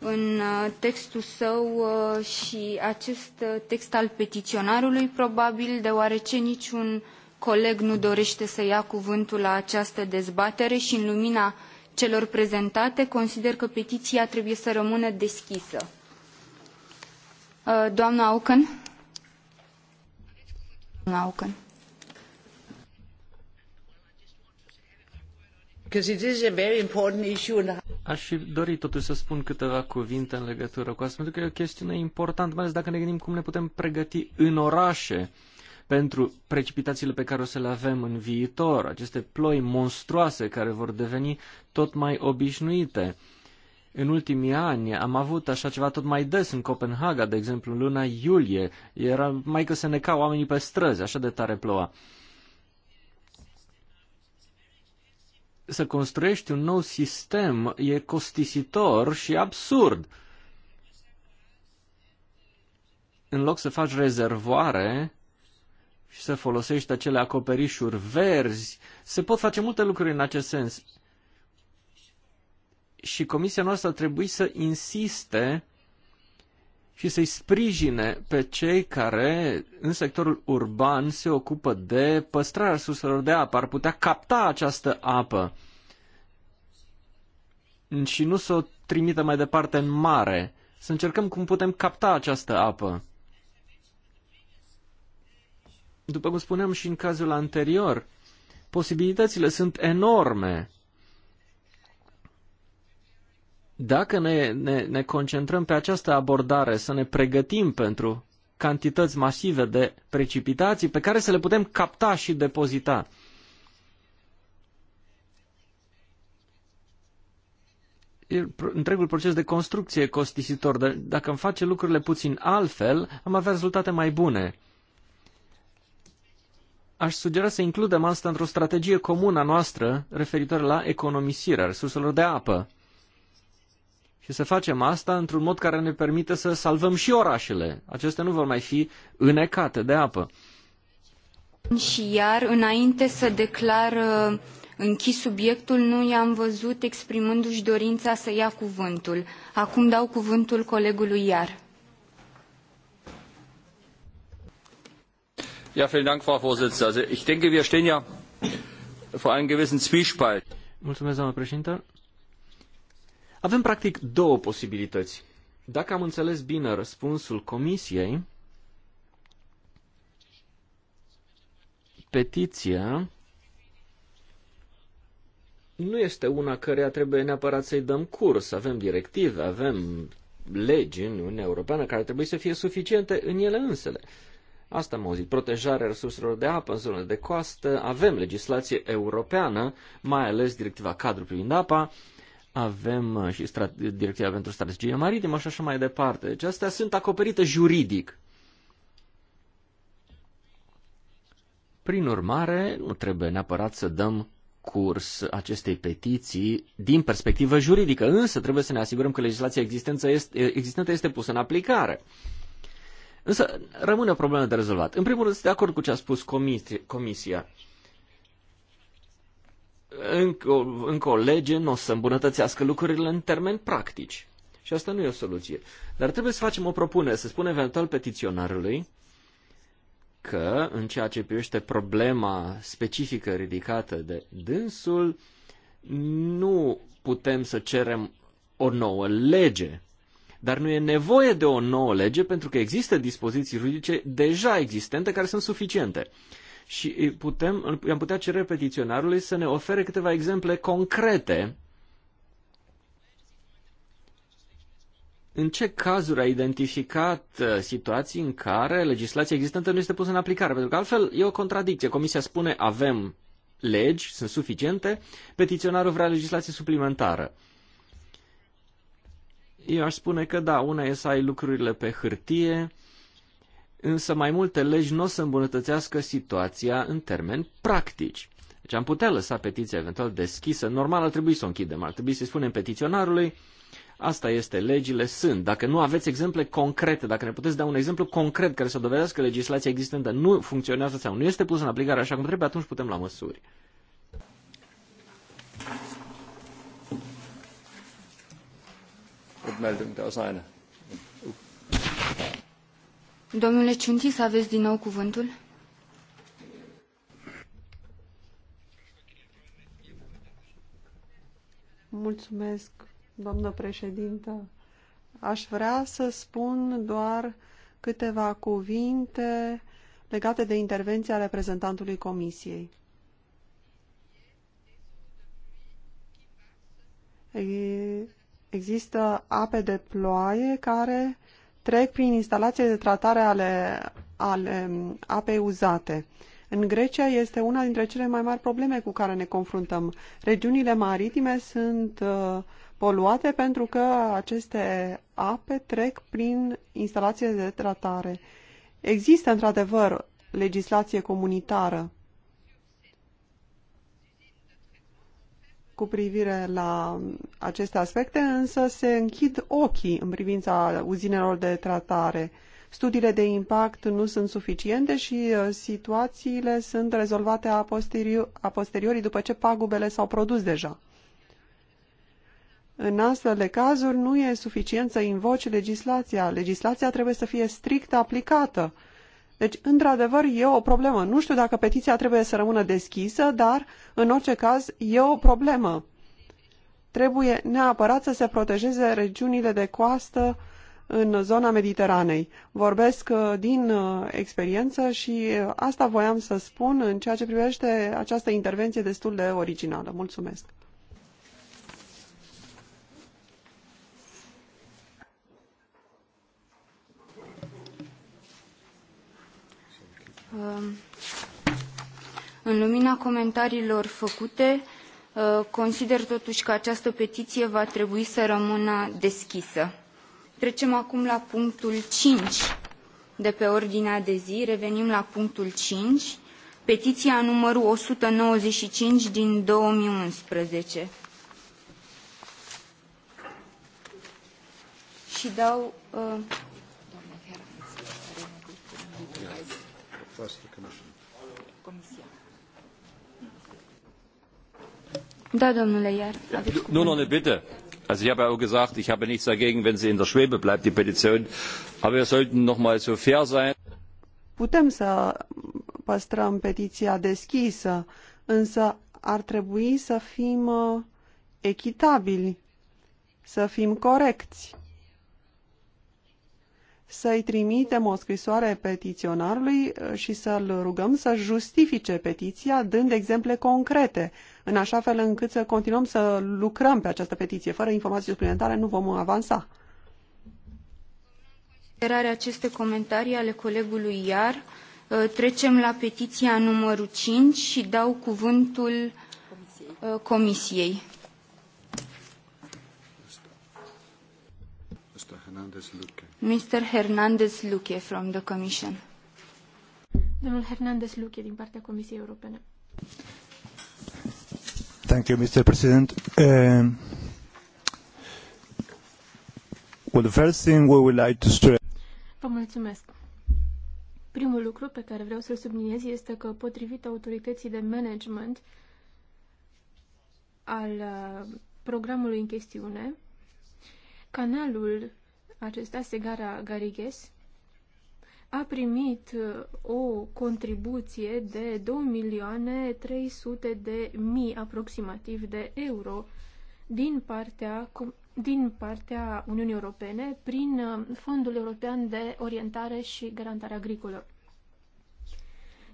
în uh, textul său uh, și acest text al petiționarului, probabil, deoarece niciun uh, coleg nu dorește să ia cuvântul la această dezbatere și în lumina celor prezentate consider că petiția trebuie să rămână deschisă. Uh, doamna Auken? Doamna Auken. Aș fi dorit totuși să spun câteva cuvinte în legătură cu asta, pentru că e o chestiune importantă, mai ales dacă ne gândim cum ne putem pregăti în orașe uh, pentru precipitațiile pe care o să le avem în viitor, aceste ploi monstruoase care vor deveni tot mai obișnuite. În ultimii ani am avut așa ceva tot mai des în Copenhaga, de exemplu, în luna iulie. Era mai că se necau oamenii pe străzi, așa de tare ploua. Să construiești un nou sistem e costisitor și absurd. În loc să faci rezervoare, și să folosești acele acoperișuri verzi. Se pot face multe lucruri în acest sens. Și comisia noastră trebuie să insiste și să-i sprijine pe cei care în sectorul urban se ocupă de păstrarea surselor de apă, ar putea capta această apă și nu să o trimită mai departe în mare, să încercăm cum putem capta această apă. După cum spuneam și în cazul anterior, posibilitățile sunt enorme. Dacă ne, ne, ne concentrăm pe această abordare, să ne pregătim pentru cantități masive de precipitații pe care să le putem capta și depozita. întregul proces de construcție costisitor. Dar dacă am face lucrurile puțin altfel, am avea rezultate mai bune aș sugera să includem asta într-o strategie comună a noastră referitoare la economisirea resurselor de apă. Și să facem asta într-un mod care ne permite să salvăm și orașele. Acestea nu vor mai fi înecate de apă. Și iar, înainte să declar uh, închis subiectul, nu i-am văzut exprimându-și dorința să ia cuvântul. Acum dau cuvântul colegului Iar. Frau Vorsitzende. Also ich denke, wir stehen ja vor einem gewissen Zwiespalt. Mulțumesc, doamnă președintă. Avem practic două posibilități. Dacă am înțeles bine răspunsul comisiei, petiția nu este una căreia trebuie neapărat să-i dăm curs. Avem directive, avem legi în Uniunea Europeană care trebuie să fie suficiente în ele însele. Asta am auzit. Protejarea resurselor de apă în zonele de coastă. Avem legislație europeană, mai ales directiva cadru privind apa. Avem uh, și directiva pentru strategie maritimă și așa mai departe. Deci astea sunt acoperite juridic. Prin urmare, nu trebuie neapărat să dăm curs acestei petiții din perspectivă juridică, însă trebuie să ne asigurăm că legislația existentă este pusă în aplicare. Însă rămâne o problemă de rezolvat. În primul rând, sunt de acord cu ce a spus Comisia. Încă, încă o lege nu o să îmbunătățească lucrurile în termeni practici. Și asta nu e o soluție. Dar trebuie să facem o propunere, să spunem eventual petiționarului că, în ceea ce privește problema specifică ridicată de dânsul, nu putem să cerem o nouă lege. Dar nu e nevoie de o nouă lege pentru că există dispoziții juridice deja existente care sunt suficiente. Și putem, am putea cere petiționarului să ne ofere câteva exemple concrete În ce cazuri a identificat uh, situații în care legislația existentă nu este pusă în aplicare? Pentru că altfel e o contradicție. Comisia spune avem legi, sunt suficiente, petiționarul vrea legislație suplimentară. Eu aș spune că da, una e să ai lucrurile pe hârtie, însă mai multe legi nu o să îmbunătățească situația în termeni practici. Deci am putea lăsa petiția eventual deschisă, normal ar trebui să o închidem, ar trebui să-i spunem petiționarului, asta este, legile sunt. Dacă nu aveți exemple concrete, dacă ne puteți da un exemplu concret care să dovedească că legislația existentă nu funcționează sau nu este pusă în aplicare așa cum trebuie, atunci putem la măsuri. opmeldung da sein. Domnule Ciuntis, aveți din nou cuvântul. Mulțumesc, doamnă președintă. Aș vrea să spun doar câteva cuvinte legate de intervenția reprezentantului Comisiei. Există ape de ploaie care trec prin instalații de tratare ale, ale apei uzate. În Grecia este una dintre cele mai mari probleme cu care ne confruntăm. Regiunile maritime sunt uh, poluate pentru că aceste ape trec prin instalații de tratare. Există, într-adevăr, legislație comunitară cu privire la aceste aspecte, însă se închid ochii în privința uzinelor de tratare. Studiile de impact nu sunt suficiente și uh, situațiile sunt rezolvate a, posterior, a posteriori după ce pagubele s-au produs deja. În astfel de cazuri nu e suficient să invoci legislația. Legislația trebuie să fie strict aplicată deci, într-adevăr, e o problemă. Nu știu dacă petiția trebuie să rămână deschisă, dar, în orice caz, e o problemă. Trebuie neapărat să se protejeze regiunile de coastă în zona Mediteranei. Vorbesc uh, din uh, experiență și uh, asta voiam să spun în ceea ce privește această intervenție destul de originală. Mulțumesc! În lumina comentariilor făcute, uh, consider totuși că această petiție va trebui să rămână deschisă. Trecem acum la punctul 5 de pe ordinea de zi. Revenim la punctul 5, petiția numărul 195 din 2011. Și dau uh, Nur noch eine Bitte. Also ich habe ja auch gesagt, ich habe nichts dagegen, wenn sie in der Schwebe bleibt, die Petition. Aber wir sollten noch mal so fair sein. Putem să păstrăm petiția deschisă, însă ar trebui să fim uh, echitabili, să fim corecți să-i trimitem o scrisoare petiționarului uh, și să-l rugăm să justifice petiția dând exemple concrete, în așa fel încât să continuăm să lucrăm pe această petiție. Fără informații suplimentare nu vom avansa. Considerarea aceste comentarii ale colegului Iar, uh, trecem la petiția numărul 5 și dau cuvântul uh, Comisiei. Hernandez Luque. Mr. Hernandez Luque from the Commission. Domnul Hernandez Luque din partea Comisiei Europene. Thank you, Mr. President. Uh, well, the first thing we would like to stress. Vă mulțumesc. Primul lucru pe care vreau să-l subliniez este că, potrivit autorității de management al uh, programului în chestiune, canalul acesta, Segara Garigues, a primit uh, o contribuție de 2 milioane 300 de mii aproximativ de euro din partea, din partea Uniunii Europene prin uh, Fondul European de Orientare și Garantare Agricolă.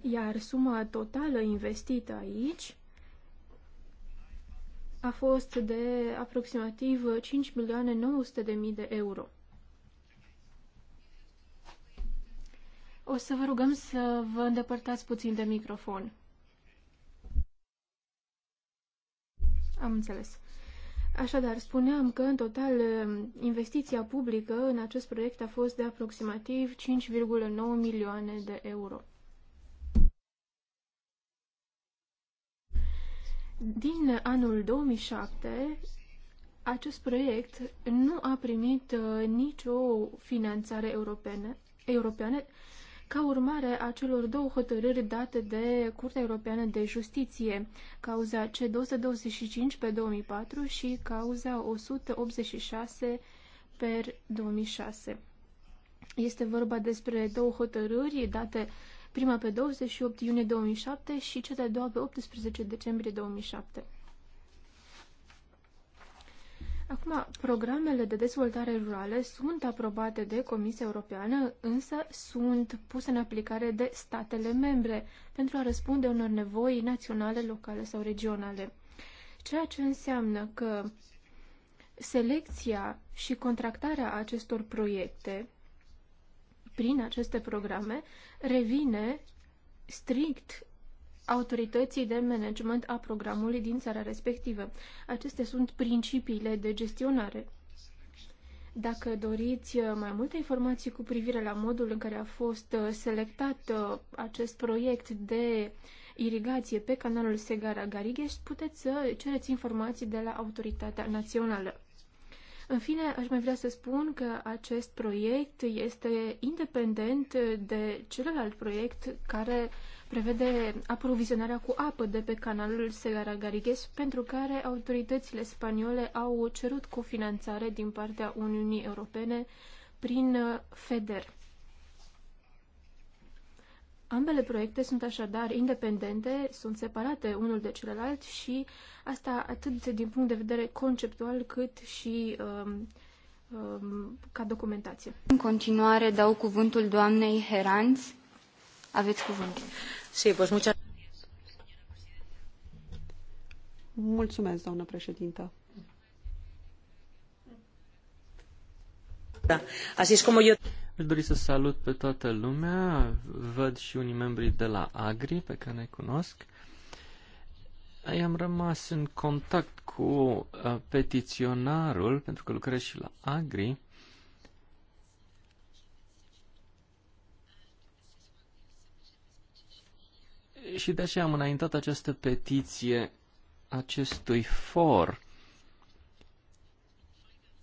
Iar suma totală investită aici a fost de aproximativ 5 milioane 900 de mii de euro. O să vă rugăm să vă îndepărtați puțin de microfon. Am înțeles. Așadar, spuneam că, în total, investiția publică în acest proiect a fost de aproximativ 5,9 milioane de euro. Din anul 2007, acest proiect nu a primit uh, nicio finanțare europene, europeană, ca urmare a celor două hotărâri date de Curtea Europeană de Justiție, cauza C225 pe 2004 și cauza 186 pe 2006. Este vorba despre două hotărâri date prima pe 28 iunie 2007 și cea de-a doua pe 18 decembrie 2007. Acum, programele de dezvoltare rurală sunt aprobate de Comisia Europeană, însă sunt puse în aplicare de statele membre pentru a răspunde unor nevoi naționale, locale sau regionale. Ceea ce înseamnă că selecția și contractarea acestor proiecte prin aceste programe revine strict autorității de management a programului din țara respectivă. Acestea sunt principiile de gestionare. Dacă doriți uh, mai multe informații cu privire la modul în care a fost uh, selectat uh, acest proiect de irigație pe canalul Segara Garigheș, puteți să cereți informații de la autoritatea națională. În fine, aș mai vrea să spun că acest proiect este independent de celălalt proiect care uh, prevede aprovizionarea cu apă de pe canalul Segara Garigues, pentru care autoritățile spaniole au cerut cofinanțare din partea Uniunii Europene prin uh, FEDER. Ambele proiecte sunt așadar independente, sunt separate unul de celălalt și asta atât din punct de vedere conceptual cât și um, um, ca documentație. În continuare dau cuvântul doamnei Heranz. Aveți cuvântul. Sí, Mulțumesc, președintă. Da. Aș dori să salut pe toată lumea. Văd și unii membri de la Agri pe care ne cunosc. I-am rămas în contact cu uh, petiționarul, pentru că lucrez și la Agri, și de aceea am înaintat această petiție acestui for.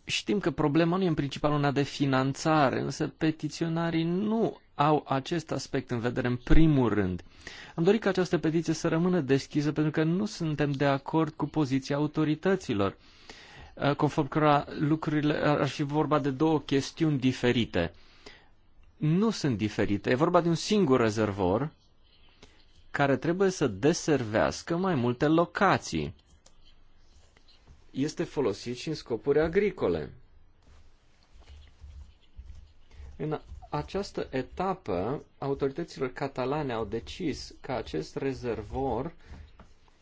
Știm că problema nu e în principal una de finanțare, însă petiționarii nu au acest aspect în vedere în primul rând. Am dorit ca această petiție să rămână deschisă pentru că nu suntem de acord cu poziția autorităților, uh, conform cărora lucrurile ar fi vorba de două chestiuni diferite. Nu sunt diferite, e vorba de un singur rezervor care trebuie să deservească mai multe locații. Este folosit și în scopuri agricole. În această etapă, autorităților catalane au decis ca acest rezervor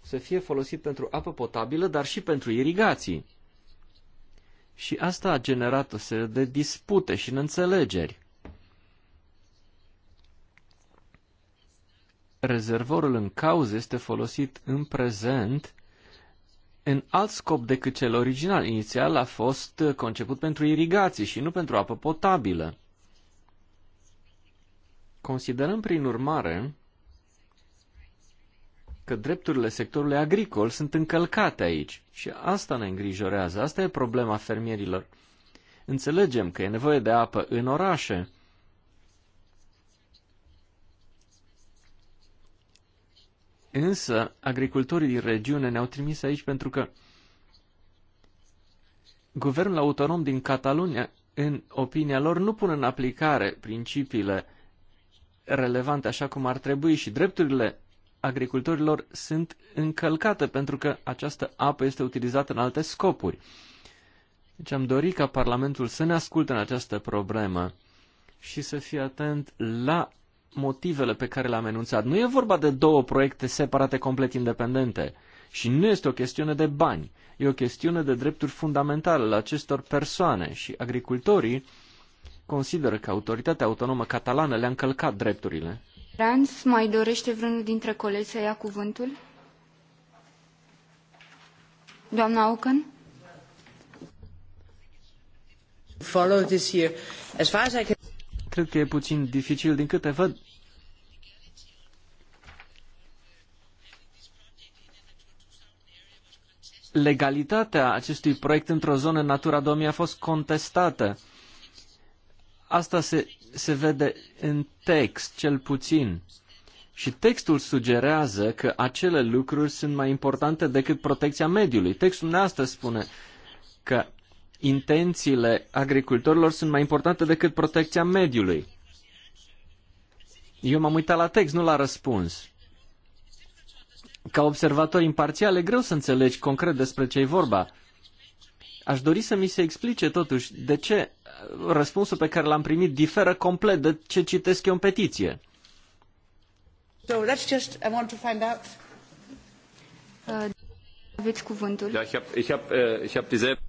să fie folosit pentru apă potabilă, dar și pentru irigații. Și asta a generat o serie de dispute și înțelegeri. rezervorul în cauză este folosit în prezent în alt scop decât cel original. Inițial a fost conceput pentru irigații și nu pentru apă potabilă. Considerăm prin urmare că drepturile sectorului agricol sunt încălcate aici și asta ne îngrijorează, asta e problema fermierilor. Înțelegem că e nevoie de apă în orașe, Însă, agricultorii din regiune ne-au trimis aici pentru că guvernul autonom din Catalunia, în opinia lor, nu pun în aplicare principiile relevante așa cum ar trebui și drepturile agricultorilor sunt încălcate pentru că această apă este utilizată în alte scopuri. Deci am dorit ca Parlamentul să ne asculte în această problemă și să fie atent la motivele pe care le-am enunțat. Nu e vorba de două proiecte separate, complet independente. Și nu este o chestiune de bani, e o chestiune de drepturi fundamentale la acestor persoane și agricultorii consideră că autoritatea autonomă catalană le-a încălcat drepturile. Franz, mai dorește vreunul dintre colegi să ia cuvântul? Doamna Ocan? Follow this year. As far as I can cred că e puțin dificil din câte văd. Legalitatea acestui proiect într-o zonă Natura 2000 a fost contestată. Asta se, se vede în text, cel puțin. Și textul sugerează că acele lucruri sunt mai importante decât protecția mediului. Textul noastră spune că intențiile agricultorilor sunt mai importante decât protecția mediului. Eu m-am uitat la text, nu la răspuns. Ca observator imparțial e greu să înțelegi concret despre ce e vorba. Aș dori să mi se explice totuși de ce răspunsul pe care l-am primit diferă complet de ce citesc eu în petiție. So that's just, I want to find out. Uh, aveți cuvântul. Da, ich hab, ich hab, uh, ich hab dieselbe...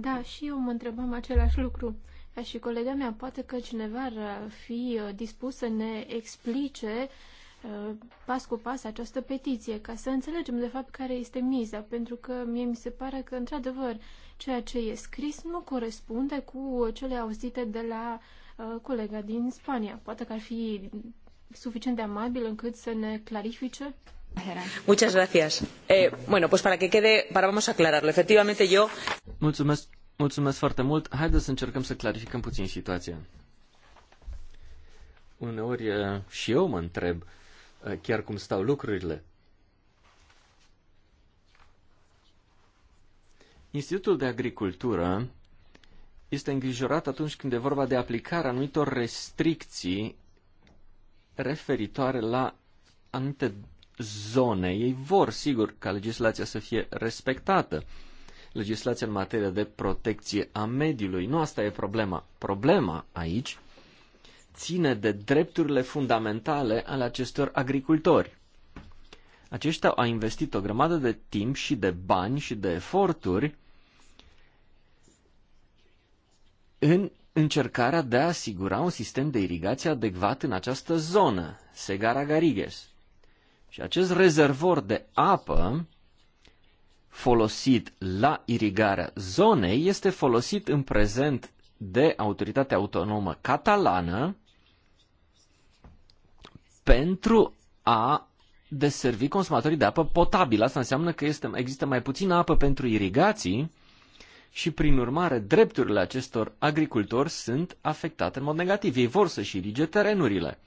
Da, și eu mă întrebam același lucru. Ca și colega mea, poate că cineva ar fi uh, dispus să ne explice uh, pas cu pas această petiție, ca să înțelegem de fapt care este miza, pentru că mie mi se pare că, într-adevăr, ceea ce e scris nu corespunde cu cele auzite de la uh, colega din Spania. Poate că ar fi suficient de amabil încât să ne clarifice Muchas gracias. Eh, bueno, pues para que quede, para vamos a aclararlo. Efectivamente yo... Mulțumesc, mulțumesc foarte mult. Haideți să încercăm să clarificăm puțin situația. Uneori eh, și eu mă întreb eh, chiar cum stau lucrurile. Institutul de Agricultură este îngrijorat atunci când e vorba de aplicarea anumitor restricții referitoare la anumite zone. Ei vor, sigur, ca legislația să fie respectată. Legislația în materie de protecție a mediului. Nu asta e problema. Problema aici ține de drepturile fundamentale ale acestor agricultori. Aceștia au investit o grămadă de timp și de bani și de eforturi în încercarea de a asigura un sistem de irigație adecvat în această zonă, Segara Garigues, și acest rezervor de apă folosit la irigarea zonei este folosit în prezent de autoritatea autonomă catalană pentru a deservi consumatorii de apă potabilă. Asta înseamnă că este, există mai puțină apă pentru irigații și, prin urmare, drepturile acestor agricultori sunt afectate în mod negativ. Ei vor să-și irige terenurile.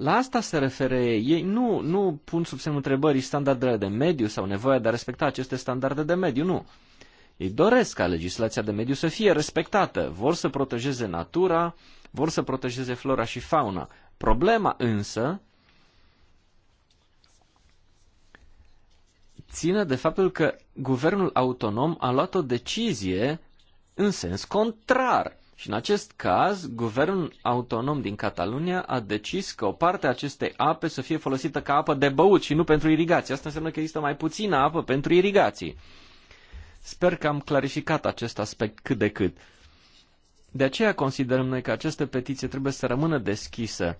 La asta se referă ei. Ei nu, nu pun sub semnul întrebării standardele de mediu sau nevoia de a respecta aceste standarde de mediu, nu. Ei doresc ca legislația de mediu să fie respectată, vor să protejeze natura, vor să protejeze flora și fauna. Problema însă ține de faptul că guvernul autonom a luat o decizie în sens contrar și în acest caz, guvernul autonom din Catalunia a decis că o parte a acestei ape să fie folosită ca apă de băut și nu pentru irigație. Asta înseamnă că există mai puțină apă pentru irigații. Sper că am clarificat acest aspect cât de cât. De aceea considerăm noi că această petiție trebuie să rămână deschisă.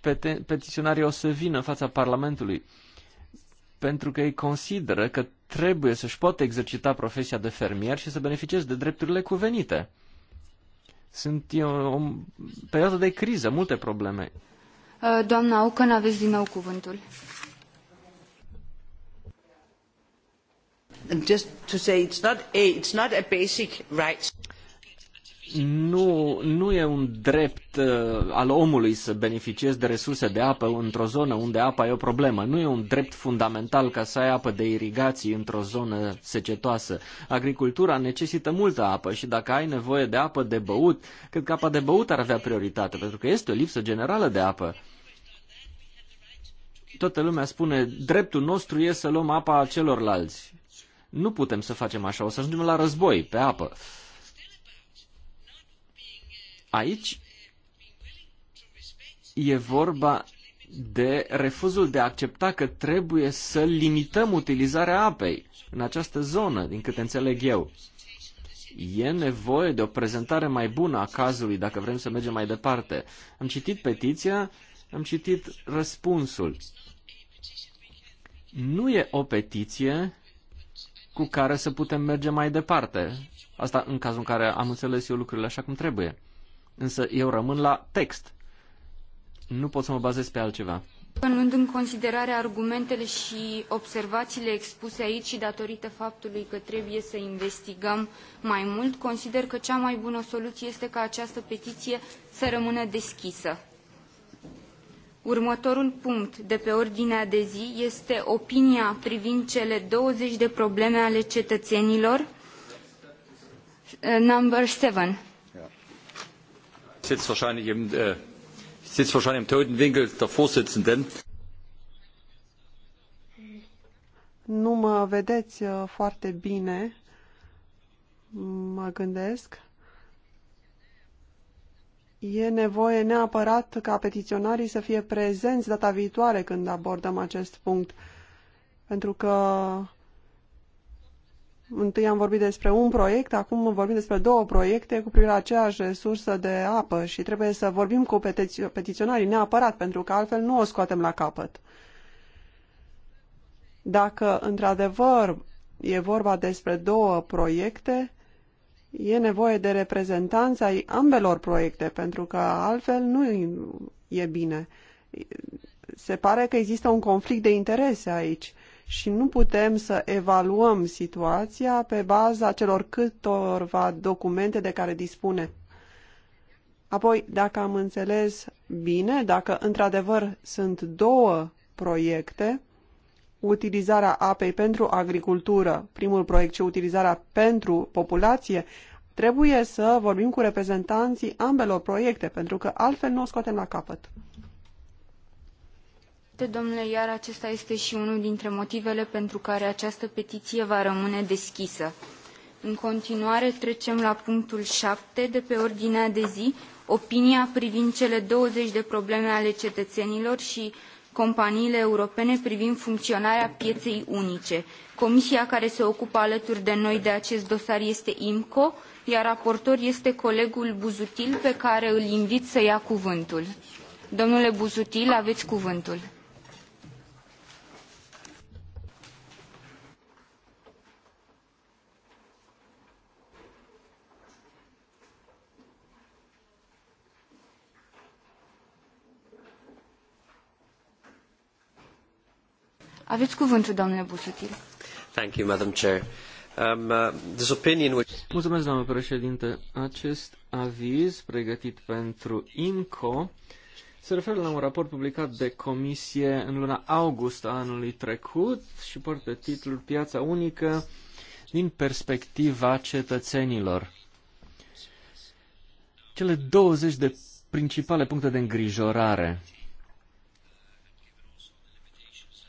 Pet- petiționarii o să vină în fața Parlamentului pentru că ei consideră că trebuie să-și poată exercita profesia de fermier și să beneficieze de drepturile cuvenite. Sunt e o, o perioadă de criză, multe probleme. Uh, doamna Aucăn, aveți din nou cuvântul. Just to say, it's not a, it's not a basic right nu, nu e un drept uh, al omului să beneficiezi de resurse de apă într-o zonă unde apa e o problemă. Nu e un drept fundamental ca să ai apă de irigații într-o zonă secetoasă. Agricultura necesită multă apă și dacă ai nevoie de apă de băut, cred că apa de băut ar avea prioritate, pentru că este o lipsă generală de apă toată lumea spune, dreptul nostru e să luăm apa celorlalți. Nu putem să facem așa, o să ajungem la război pe apă. Aici e vorba de refuzul de a accepta că trebuie să limităm utilizarea apei în această zonă, din câte înțeleg eu. E nevoie de o prezentare mai bună a cazului dacă vrem să mergem mai departe. Am citit petiția, am citit răspunsul. Nu e o petiție cu care să putem merge mai departe. Asta în cazul în care am înțeles eu lucrurile așa cum trebuie. Însă eu rămân la text. Nu pot să mă bazez pe altceva. Luând în considerare argumentele și observațiile expuse aici și datorită faptului că trebuie să investigăm mai mult, consider că cea mai bună soluție este ca această petiție să rămână deschisă. Următorul punct de pe ordinea de zi este opinia privind cele 20 de probleme ale cetățenilor. Number 7 Ich wahrscheinlich im, äh, ich wahrscheinlich im toten Winkel der Vorsitzenden. Nu mă vedeți uh, foarte bine, mă gândesc. E nevoie neapărat ca petiționarii să fie prezenți data viitoare când abordăm acest punct, pentru că Întâi am vorbit despre un proiect, acum vorbim despre două proiecte cu privire la aceeași resursă de apă și trebuie să vorbim cu petiționarii neapărat, pentru că altfel nu o scoatem la capăt. Dacă într-adevăr e vorba despre două proiecte, e nevoie de reprezentanța ai ambelor proiecte, pentru că altfel nu e bine. Se pare că există un conflict de interese aici și nu putem să evaluăm situația pe baza celor câtorva documente de care dispune. Apoi, dacă am înțeles bine, dacă într-adevăr sunt două proiecte, utilizarea apei pentru agricultură, primul proiect și utilizarea pentru populație, trebuie să vorbim cu reprezentanții ambelor proiecte, pentru că altfel nu o scoatem la capăt dreptate, domnule, iar acesta este și unul dintre motivele pentru care această petiție va rămâne deschisă. În continuare, trecem la punctul 7 de pe ordinea de zi, opinia privind cele 20 de probleme ale cetățenilor și companiile europene privind funcționarea pieței unice. Comisia care se ocupă alături de noi de acest dosar este IMCO, iar raportor este colegul Buzutil, pe care îl invit să ia cuvântul. Domnule Buzutil, aveți cuvântul. Aveți cuvântul, domnule Busutil. Thank you, Madam Chair. Um, uh, this opinion which... Mulțumesc, doamnă președinte. Acest aviz pregătit pentru IMCO se referă la un raport publicat de comisie în luna august a anului trecut și poartă titlul Piața unică din perspectiva cetățenilor. Cele 20 de principale puncte de îngrijorare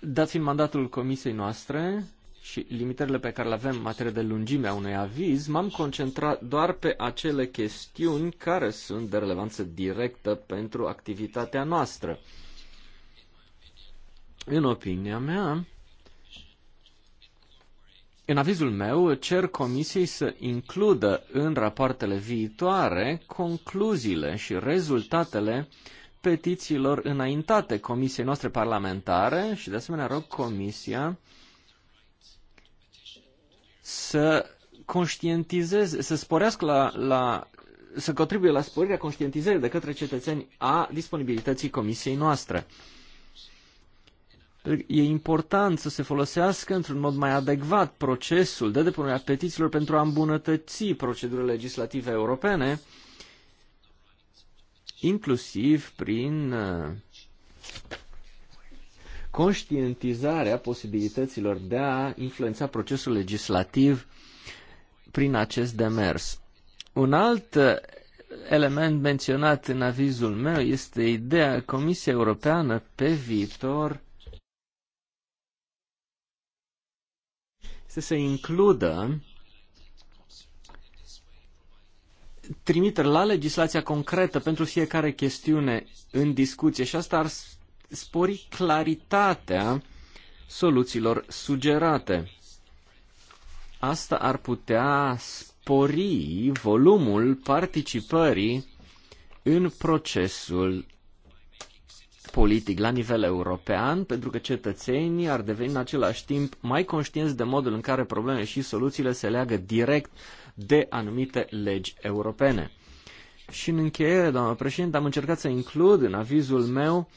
Dat fiind mandatul comisiei noastre și limitările pe care le avem în materie de lungime a unui aviz, m-am concentrat doar pe acele chestiuni care sunt de relevanță directă pentru activitatea noastră. În opinia mea, în avizul meu, cer Comisiei să includă în rapoartele viitoare concluziile și rezultatele uh, petițiilor înaintate comisiei noastre parlamentare și de asemenea rog comisia să conștientizeze, să sporească la, la să contribuie la sporirea conștientizării de către cetățeni a disponibilității comisiei noastre. E important să se folosească într-un mod mai adecvat procesul de depunere a petițiilor pentru a îmbunătăți procedurile legislative europene, inclusiv prin uh, conștientizarea posibilităților de a influența procesul legislativ prin acest demers. Un alt uh, element menționat în avizul meu este ideea Comisia Europeană pe viitor să se includă trimiteri la legislația concretă pentru fiecare chestiune în discuție și asta ar spori claritatea soluțiilor sugerate. Asta ar putea spori volumul participării în procesul politic la nivel european, pentru că cetățenii ar deveni în același timp mai conștienți de modul în care problemele și soluțiile se leagă direct de anumite legi europene. Și în încheiere, doamnă președinte, am încercat să includ în avizul meu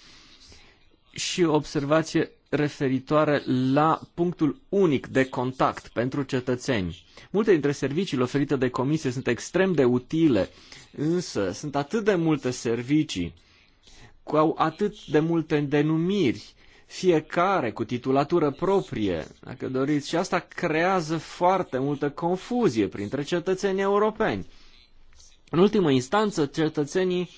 și o observație referitoare la punctul unic de contact pentru cetățeni. Multe dintre serviciile oferite de comisie sunt extrem de utile, însă sunt atât de multe servicii cu atât de multe denumiri fiecare cu titulatură proprie, dacă doriți, și asta creează foarte multă confuzie printre cetățenii europeni. În ultimă instanță, cetățenii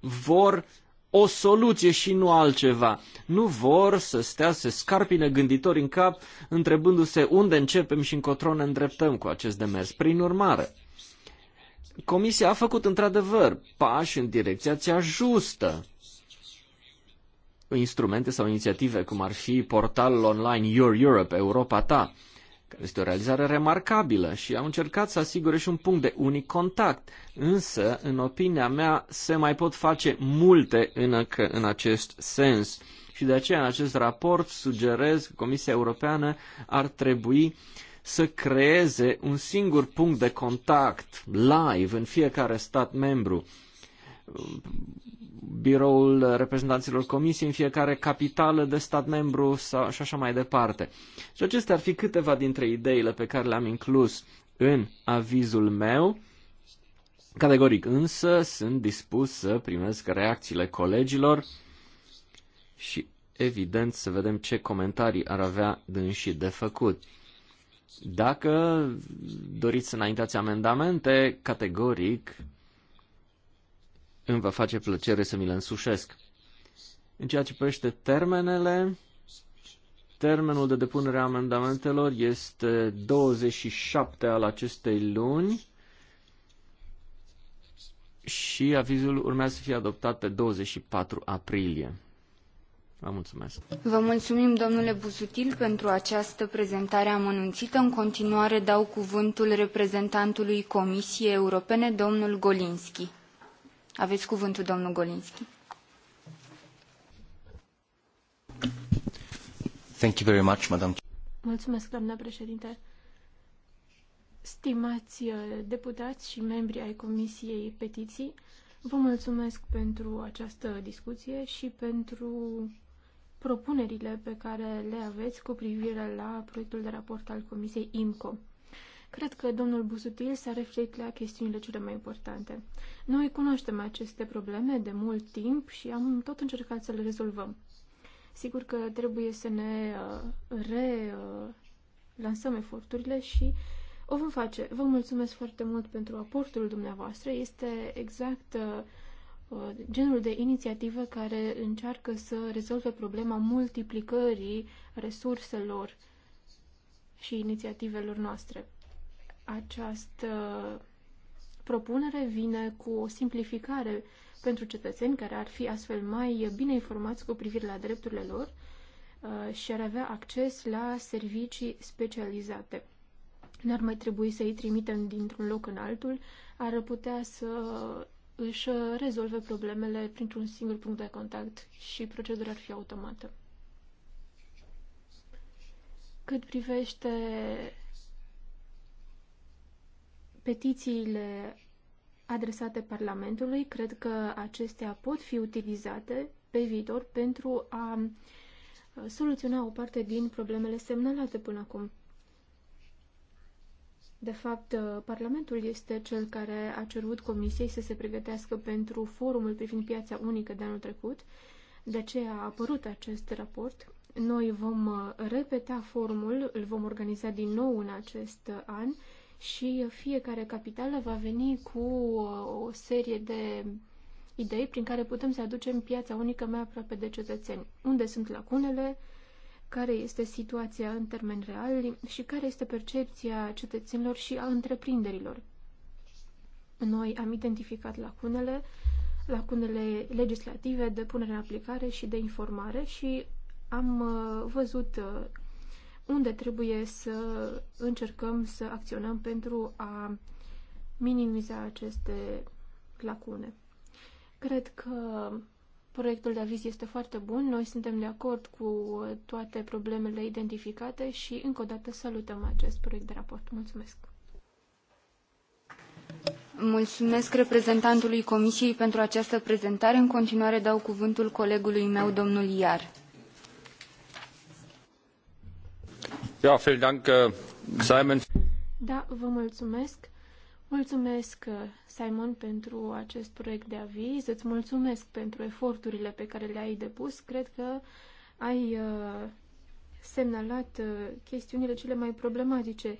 vor o soluție și nu altceva. Nu vor să stea, să scarpine gânditori în cap, întrebându-se unde începem și încotro ne îndreptăm cu acest demers. Prin urmare, Comisia a făcut într-adevăr pași în direcția cea justă instrumente sau inițiative, cum ar fi portalul online Your Europe, Europa ta, care este o realizare remarcabilă și au încercat să asigure și un punct de unic contact. Însă, în opinia mea, se mai pot face multe în, în acest sens. Și de aceea, în acest raport, sugerez că Comisia Europeană ar trebui să creeze un singur punct de contact live în fiecare stat membru biroul reprezentanților comisiei în fiecare capitală de stat membru sau, și așa mai departe. Și acestea ar fi câteva dintre ideile pe care le-am inclus în avizul meu. Categoric însă sunt dispus să primesc reacțiile colegilor și evident să vedem ce comentarii ar avea dânsii de făcut. Dacă doriți să înaintați amendamente, categoric îmi va face plăcere să mi le însușesc. În ceea ce privește termenele, termenul de depunere a amendamentelor este 27 al acestei luni și avizul urmează să fie adoptat pe 24 aprilie. Vă mulțumesc. Vă mulțumim, domnule Busutil, pentru această prezentare amănunțită. În continuare dau cuvântul reprezentantului Comisiei Europene, domnul Golinski. Aveți cuvântul, domnul Golinski. Thank you very much, madam. Mulțumesc, doamna președinte. Stimați uh, deputați și membri ai Comisiei Petiții, vă mulțumesc pentru această discuție și pentru propunerile pe care le aveți cu privire la proiectul de raport al Comisiei IMCO. Cred că domnul Busutil s-a referit la chestiunile cele mai importante. Noi cunoaștem aceste probleme de mult timp și am tot încercat să le rezolvăm. Sigur că trebuie să ne uh, relansăm uh, eforturile și o vom face. Vă mulțumesc foarte mult pentru aportul dumneavoastră. Este exact uh, genul de inițiativă care încearcă să rezolve problema multiplicării resurselor și inițiativelor noastre. Această propunere vine cu o simplificare pentru cetățeni care ar fi astfel mai bine informați cu privire la drepturile lor uh, și ar avea acces la servicii specializate. N-ar mai trebui să îi trimitem dintr-un loc în altul, ar putea să își rezolve problemele printr-un singur punct de contact și procedura ar fi automată. Cât privește petițiile adresate Parlamentului, cred că acestea pot fi utilizate pe viitor pentru a soluționa o parte din problemele semnalate până acum. De fapt, Parlamentul este cel care a cerut Comisiei să se pregătească pentru forumul privind piața unică de anul trecut, de aceea a apărut acest raport. Noi vom repeta forumul, îl vom organiza din nou în acest an și fiecare capitală va veni cu uh, o serie de idei prin care putem să aducem piața unică mai aproape de cetățeni. Unde sunt lacunele, care este situația în termeni reali și care este percepția cetățenilor și a întreprinderilor. Noi am identificat lacunele, lacunele legislative de punere în aplicare și de informare și am uh, văzut uh, unde trebuie să încercăm să acționăm pentru a minimiza aceste lacune. Cred că proiectul de aviz este foarte bun, noi suntem de acord cu toate problemele identificate și încă o dată salutăm acest proiect de raport. Mulțumesc! Mulțumesc reprezentantului Comisiei pentru această prezentare. În continuare dau cuvântul colegului meu, domnul Iar. Äh, da, vă mulțumesc. Mulțumesc, uh, Simon, pentru acest proiect de aviz. Îți mulțumesc pentru eforturile pe care le-ai depus. Cred că ai uh, semnalat uh, chestiunile cele mai problematice.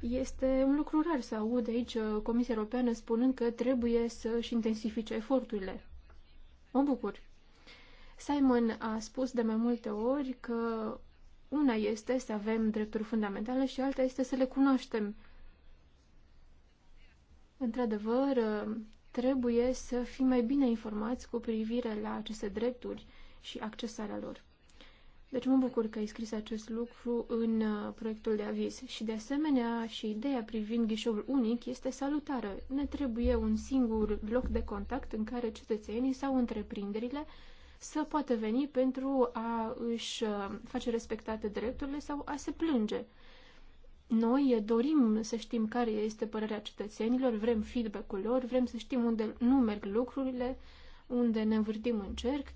Este un lucru rar să aud aici Comisia Europeană spunând că trebuie să-și intensifice eforturile. Mă bucur. Simon a spus de mai multe ori că una este să avem drepturi fundamentale și alta este să le cunoaștem. Într-adevăr, trebuie să fim mai bine informați cu privire la aceste drepturi și accesarea lor. Deci mă bucur că ai scris acest lucru în uh, proiectul de aviz și de asemenea și ideea privind ghișoul unic este salutară. Ne trebuie un singur loc de contact în care cetățenii sau întreprinderile să poată veni pentru a își uh, face respectate drepturile sau a se plânge. Noi dorim să știm care este părerea cetățenilor, vrem feedback-ul lor, vrem să știm unde nu merg lucrurile, unde ne învârtim în cerc,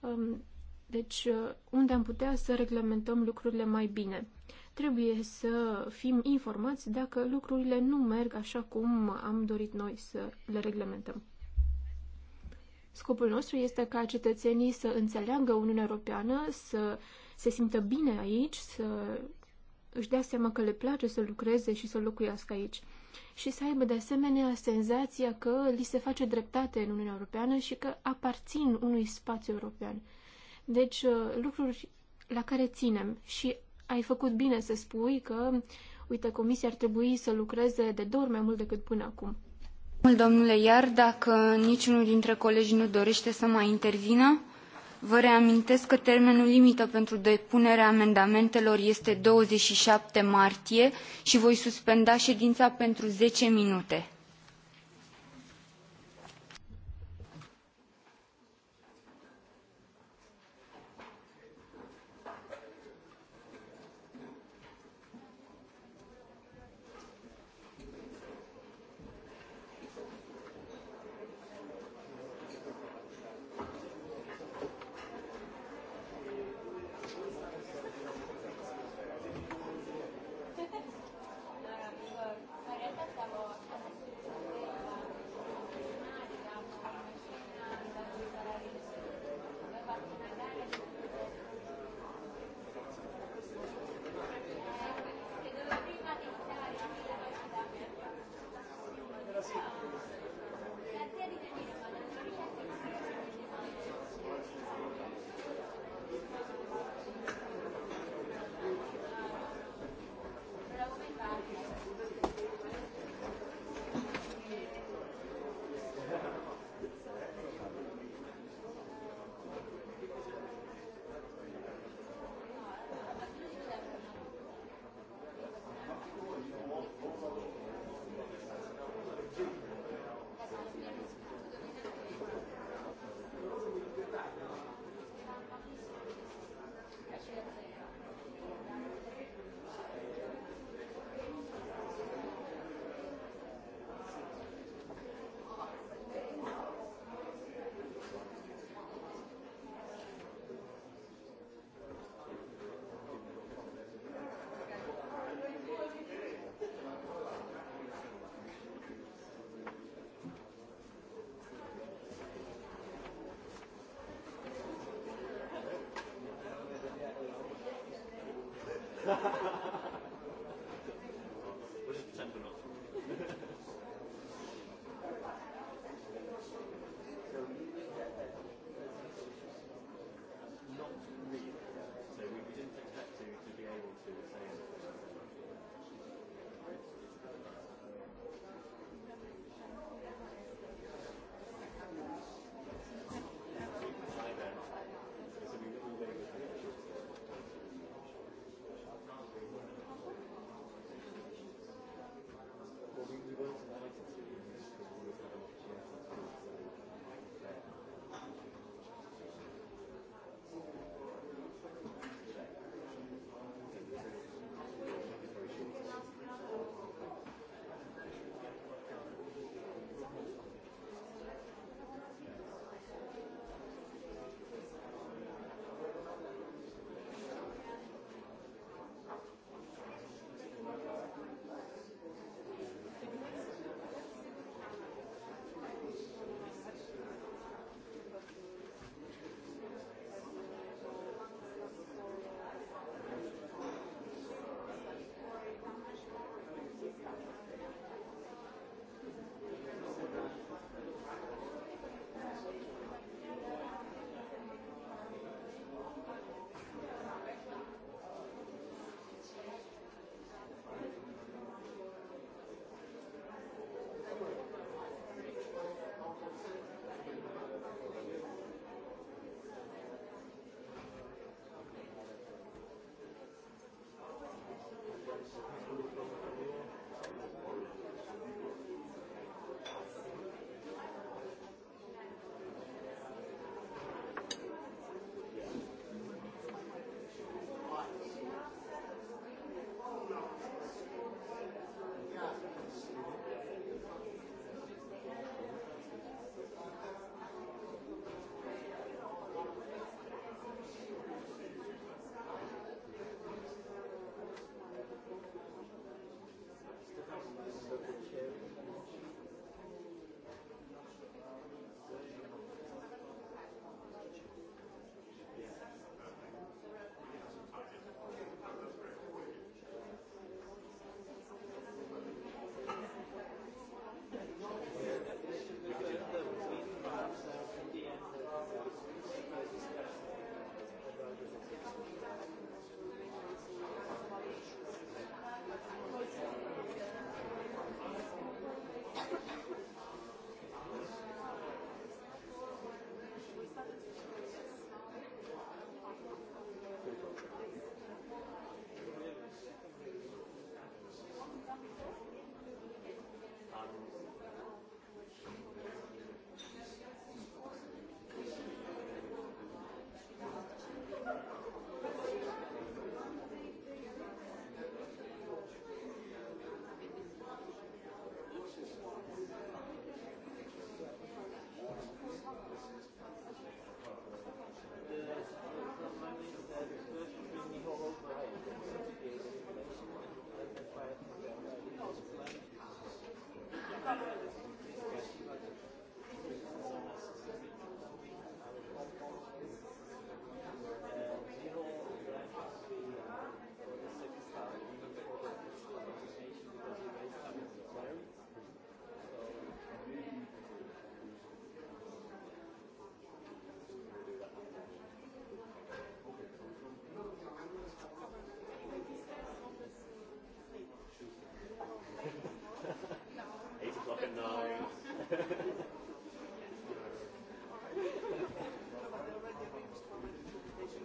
um, deci uh, unde am putea să reglementăm lucrurile mai bine. Trebuie să fim informați dacă lucrurile nu merg așa cum am dorit noi să le reglementăm. Scopul nostru este ca cetățenii să înțeleagă Uniunea Europeană, să se simtă bine aici, să își dea seama că le place să lucreze și să locuiască aici și să aibă de asemenea senzația că li se face dreptate în Uniunea Europeană și că aparțin unui spațiu european. Deci, uh, lucruri la care ținem și ai făcut bine să spui că, uite, Comisia ar trebui să lucreze de două ori mai mult decât până acum. Domnule Iar, dacă niciunul dintre colegi nu dorește să mai intervină, vă reamintesc că termenul limită pentru depunerea amendamentelor este 27 martie și voi suspenda edina pentru 10 minute.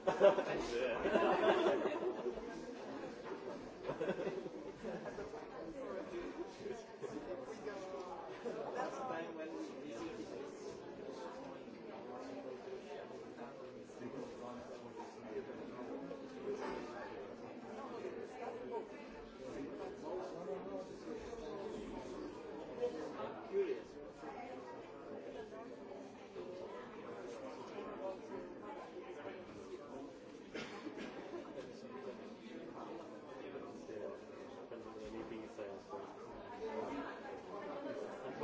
That's the time when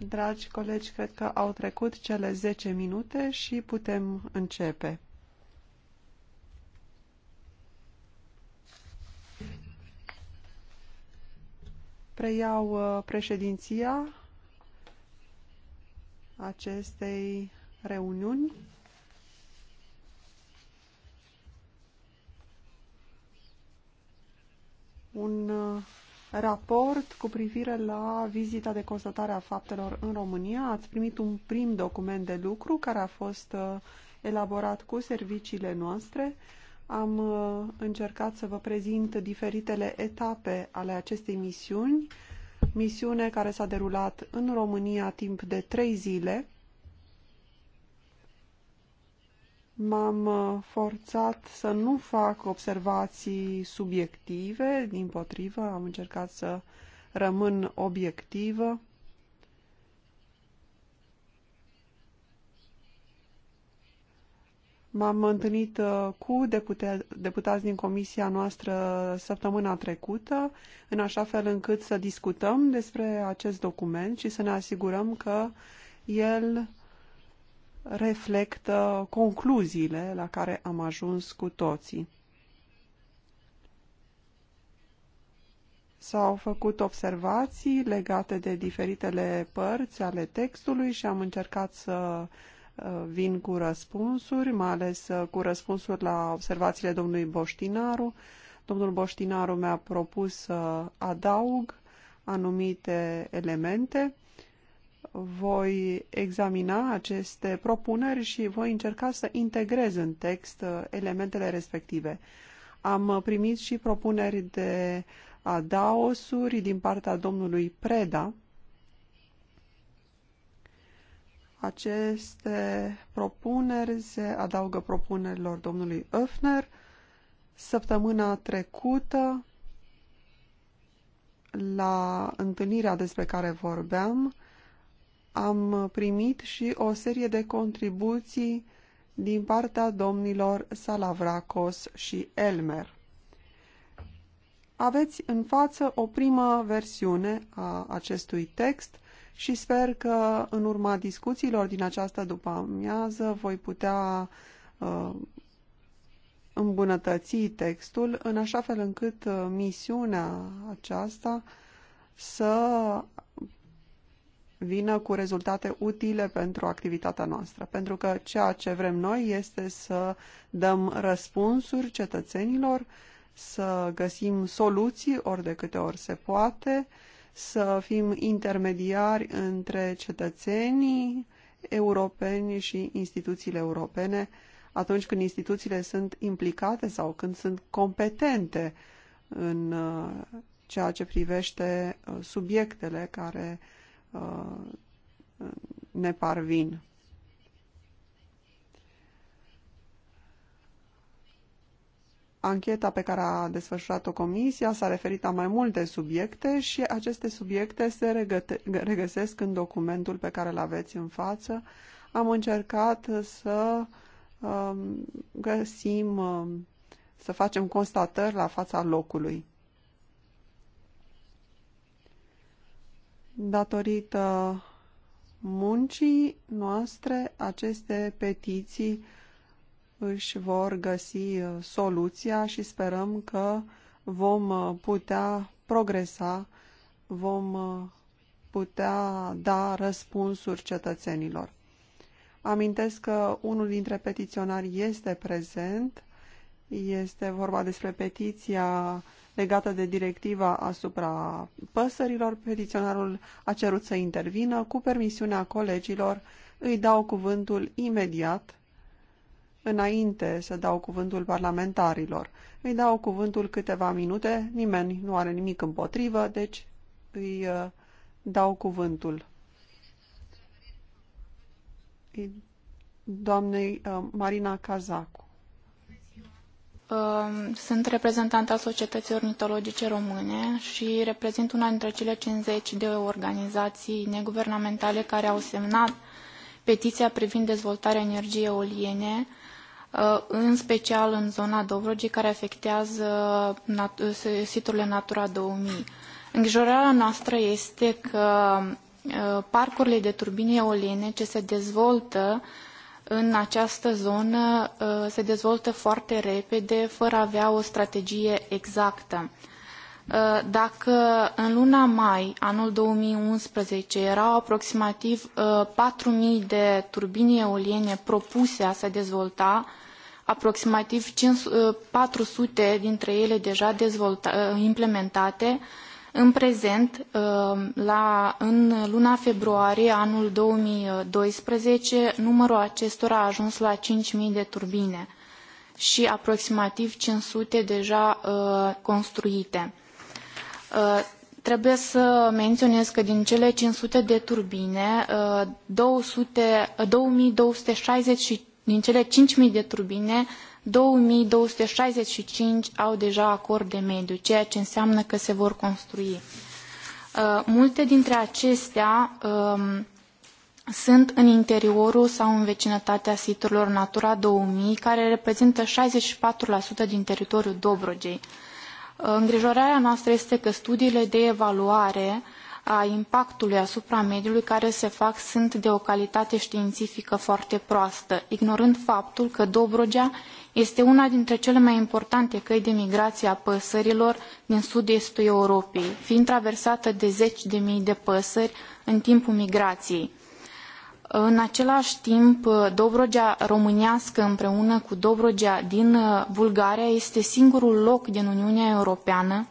Dragi colegi, cred că au trecut cele 10 minute și putem începe. Preiau uh, președinția acestei reuniuni. raport cu privire la vizita de constatare a faptelor în România. Ați primit un prim document de lucru care a fost uh, elaborat cu serviciile noastre. Am uh, încercat să vă prezint diferitele etape ale acestei misiuni, misiune care s-a derulat în România timp de trei zile. m-am uh, forțat să nu fac observații subiective, din potrivă, am încercat să rămân obiectivă. M-am întâlnit uh, cu deputa deputați din comisia noastră săptămâna trecută, în așa fel încât să discutăm despre acest document și să ne asigurăm că el reflectă concluziile la care am ajuns cu toții. S-au făcut observații legate de diferitele părți ale textului și am încercat să uh, vin cu răspunsuri, mai ales uh, cu răspunsuri la observațiile domnului Boștinaru. Domnul Boștinaru mi-a propus să adaug anumite elemente voi examina aceste propuneri și voi încerca să integrez în text uh, elementele respective. Am uh, primit și propuneri de adaosuri uh, din partea domnului Preda. Aceste propuneri se adaugă propunerilor domnului Öfner. Săptămâna trecută, la întâlnirea despre care vorbeam, am primit și o serie de contribuții din partea domnilor Salavracos și Elmer. Aveți în față o primă versiune a acestui text și sper că în urma discuțiilor din această după-amiază voi putea uh, îmbunătăți textul în așa fel încât uh, misiunea aceasta să vină cu rezultate utile pentru activitatea noastră, pentru că ceea ce vrem noi este să dăm răspunsuri cetățenilor, să găsim soluții ori de câte ori se poate, să fim intermediari între cetățenii europeni și instituțiile europene atunci când instituțiile sunt implicate sau când sunt competente în uh, ceea ce privește uh, subiectele care ne parvin. Ancheta pe care a desfășurat-o comisia s-a referit la mai multe subiecte și aceste subiecte se regăsesc în documentul pe care îl aveți în față. Am încercat să um, găsim, um, să facem constatări la fața locului. Datorită muncii noastre, aceste petiții își vor găsi uh, soluția și sperăm că vom uh, putea progresa, vom uh, putea da răspunsuri cetățenilor. Amintesc că unul dintre petiționari este prezent, este vorba despre petiția legată de directiva asupra păsărilor. Petiționarul a cerut să intervină. Cu permisiunea colegilor, îi dau cuvântul imediat, înainte să dau cuvântul parlamentarilor. Îi dau cuvântul câteva minute, nimeni nu are nimic împotrivă, deci îi uh, dau cuvântul. Doamnei uh, Marina Cazacu. Um, sunt reprezentanta Societății Ornitologice Române și reprezint una dintre cele 50 de organizații neguvernamentale care au semnat petiția privind dezvoltarea energiei eoliene, uh, în special în zona Dobrogei, care afectează nat- siturile Natura 2000. Îngrijorarea noastră este că uh, parcurile de turbine eoliene ce se dezvoltă în această zonă uh, se dezvoltă foarte repede, fără a avea o strategie exactă. Uh, dacă în luna mai anul 2011 erau aproximativ 4.000 uh, de turbini eoliene propuse a se dezvolta, aproximativ 400 dintre ele deja implementate, în prezent, uh, la, în luna februarie anul 2012, numărul acestora a ajuns la 5.000 de turbine și aproximativ 500 deja uh, construite. Uh, trebuie să menționez că din cele 500 de turbine, 200, 2260 din cele 5.000 de turbine 2265 au deja acord de mediu, ceea ce înseamnă că se vor construi. Uh, multe dintre acestea um, sunt în interiorul sau în vecinătatea siturilor Natura 2000, care reprezintă 64% din teritoriul Dobrogei. Uh, îngrijorarea noastră este că studiile de evaluare a impactului asupra mediului care se fac sunt de o calitate științifică foarte proastă, ignorând faptul că Dobrogea este una dintre cele mai importante căi de migrație a păsărilor din sud-estul Europei, fiind traversată de zeci de mii de păsări în timpul migrației. În același timp, Dobrogea românească împreună cu Dobrogea din uh, Bulgaria este singurul loc din Uniunea Europeană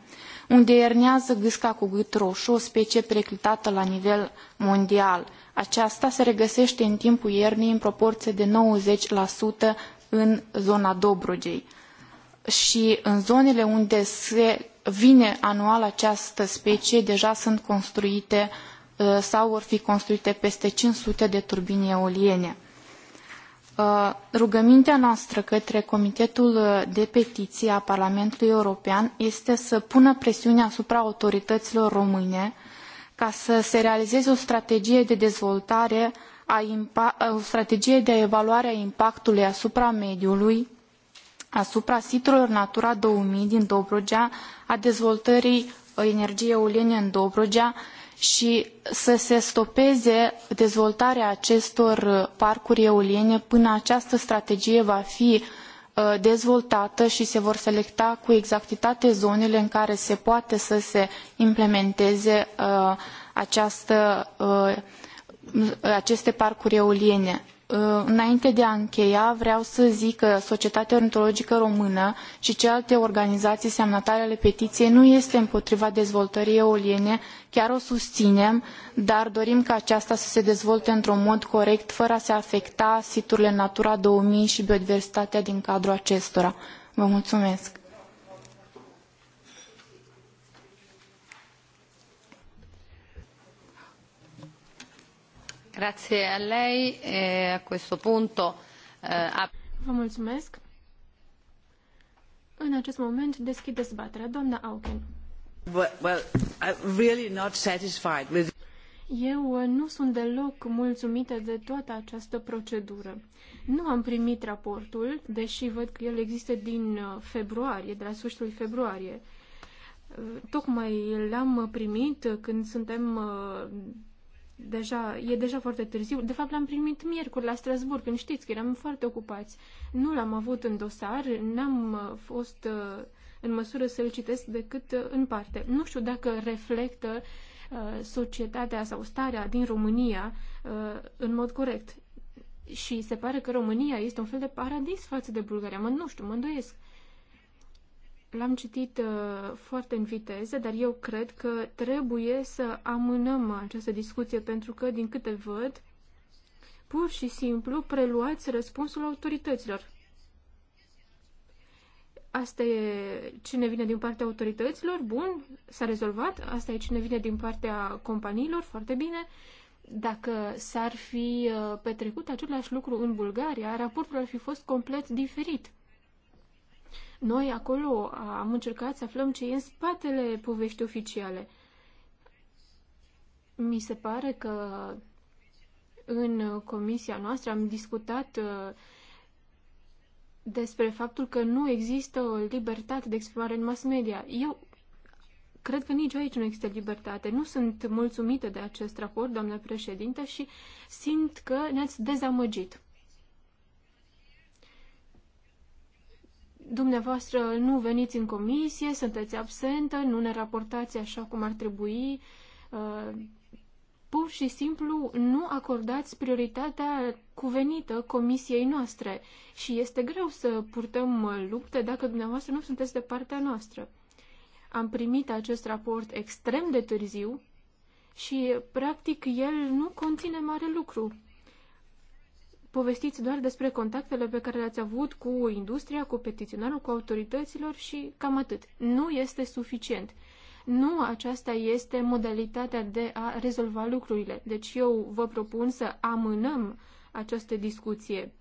unde iernează gâsca cu gât roșu, o specie preclitată la nivel mondial. Aceasta se regăsește în timpul iernii în proporție de 90% în zona Dobrogei. Și în zonele unde se vine anual această specie, deja sunt construite uh, sau vor fi construite peste 500 de turbini eoliene. Uh, rugămintea noastră către Comitetul uh, de Petiții a Parlamentului European este să pună presiune asupra autorităților române ca să se realizeze o strategie de dezvoltare o strategie de evaluare a impactului asupra mediului, asupra siturilor Natura mii din Dobrogea, a dezvoltării energiei eoliene în Dobrogea și să se stopeze dezvoltarea acestor uh, parcuri eoliene până această strategie va fi uh, dezvoltată și se vor selecta cu exactitate zonele în care se poate să se implementeze uh, această aceste parcuri eoliene. Uh, înainte de a încheia, vreau să zic că Societatea Ornitologică Română și celelalte organizații semnatare ale petiției nu este împotriva dezvoltării eoliene, chiar o susținem, dar dorim ca aceasta să se dezvolte într-un mod corect, fără a se afecta siturile Natura 2000 și biodiversitatea din cadrul acestora. Vă mulțumesc! Eh, mulțumesc. În acest moment deschid dezbaterea. Doamna Auken. Well, I'm really not satisfied with... Eu uh, nu sunt deloc mulțumită de toată această procedură. Nu am primit raportul, deși văd că el există din uh, februarie, de la sfârșitul februarie. Uh, tocmai l-am primit când suntem deja, e deja foarte târziu. De fapt, l-am primit miercuri la Strasburg, când știți că eram foarte ocupați. Nu l-am avut în dosar, n-am uh, fost uh, în măsură să-l citesc decât uh, în parte. Nu știu dacă reflectă societatea sau starea din România în mod corect. Și se pare că România este un fel de paradis față de Bulgaria. Mă, nu știu, mă îndoiesc. L-am citit uh, foarte în viteză, dar eu cred că trebuie să amânăm această discuție pentru că, din câte văd, pur și simplu preluați răspunsul autorităților. Asta e cine vine din partea autorităților, bun, s-a rezolvat, asta e cine vine din partea companiilor, foarte bine. Dacă s-ar fi uh, petrecut același lucru în Bulgaria, raportul ar fi fost complet diferit. Noi acolo am încercat să aflăm ce e în spatele poveștii oficiale. Mi se pare că în comisia noastră am discutat uh, despre faptul că nu există o libertate de exprimare în mass media. Eu cred că nici aici nu există libertate. Nu sunt mulțumită de acest raport, doamnă președinte, și simt că ne-ați dezamăgit. dumneavoastră nu veniți în comisie, sunteți absentă, nu ne raportați așa cum ar trebui, uh, pur și simplu nu acordați prioritatea cuvenită comisiei noastre și este greu să purtăm lupte dacă dumneavoastră nu sunteți de partea noastră. Am primit acest raport extrem de târziu și, practic, el nu conține mare lucru povestiți doar despre contactele pe care le-ați avut cu industria, cu petiționarul, cu autorităților și cam atât. Nu este suficient. Nu aceasta este modalitatea de a rezolva lucrurile. Deci eu vă propun să amânăm această discuție.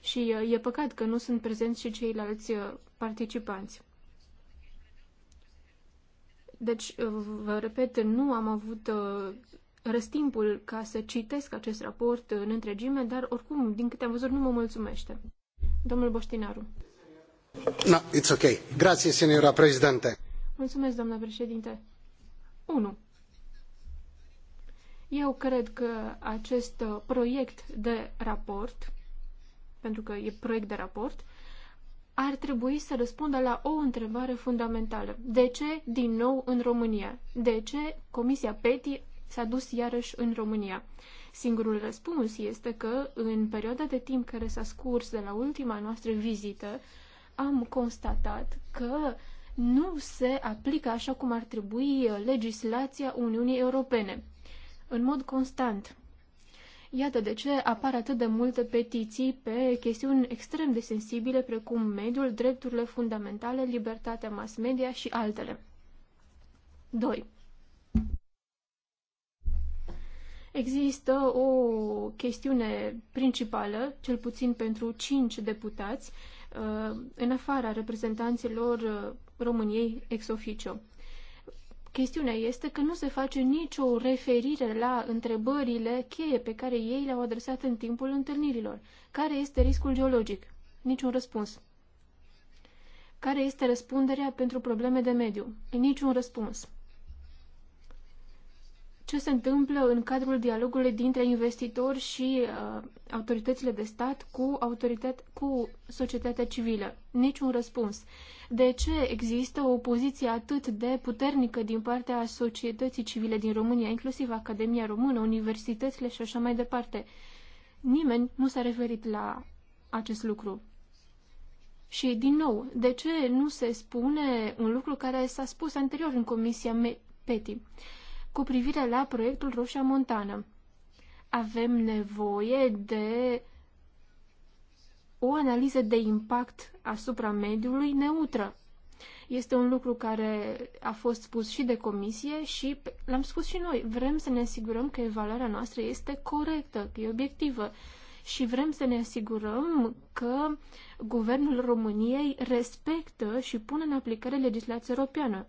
Și uh, e păcat că nu sunt prezenți și ceilalți uh, participanți. Deci, uh, vă repet, nu am avut răstimpul ca să citesc acest raport în întregime, dar oricum, din câte am văzut, nu mă mulțumește. Domnul Boștinaru. No, it's okay. Grazie, signora președinte. Mulțumesc, doamna președinte. 1. Eu cred că acest proiect de raport, pentru că e proiect de raport, ar trebui să răspundă la o întrebare fundamentală. De ce din nou în România? De ce Comisia PETI s-a dus iarăși în România. Singurul răspuns este că, în perioada de timp care s-a scurs de la ultima noastră vizită, am constatat că nu se aplică așa cum ar trebui legislația Uniunii Europene, în mod constant. Iată de ce apar atât de multe petiții pe chestiuni extrem de sensibile precum mediul, drepturile fundamentale, libertatea mass media și altele. 2 există o chestiune principală, cel puțin pentru cinci deputați, uh, în afara reprezentanților uh, României ex officio. Chestiunea este că nu se face nicio referire la întrebările cheie pe care ei le-au adresat în timpul întâlnirilor. Care este riscul geologic? Niciun răspuns. Care este răspunderea pentru probleme de mediu? Niciun răspuns ce se întâmplă în cadrul dialogului dintre investitori și uh, autoritățile de stat cu, autoritate, cu societatea civilă? Niciun răspuns. De ce există o opoziție atât de puternică din partea societății civile din România, inclusiv Academia Română, universitățile și așa mai departe? Nimeni nu s-a referit la acest lucru. Și, din nou, de ce nu se spune un lucru care s-a spus anterior în Comisia PETI? cu privire la proiectul Roșia Montană. Avem nevoie de o analiză de impact asupra mediului neutră. Este un lucru care a fost spus și de comisie și l-am spus și noi. Vrem să ne asigurăm că evaluarea noastră este corectă, că e obiectivă și vrem să ne asigurăm că guvernul României respectă și pune în aplicare legislația europeană.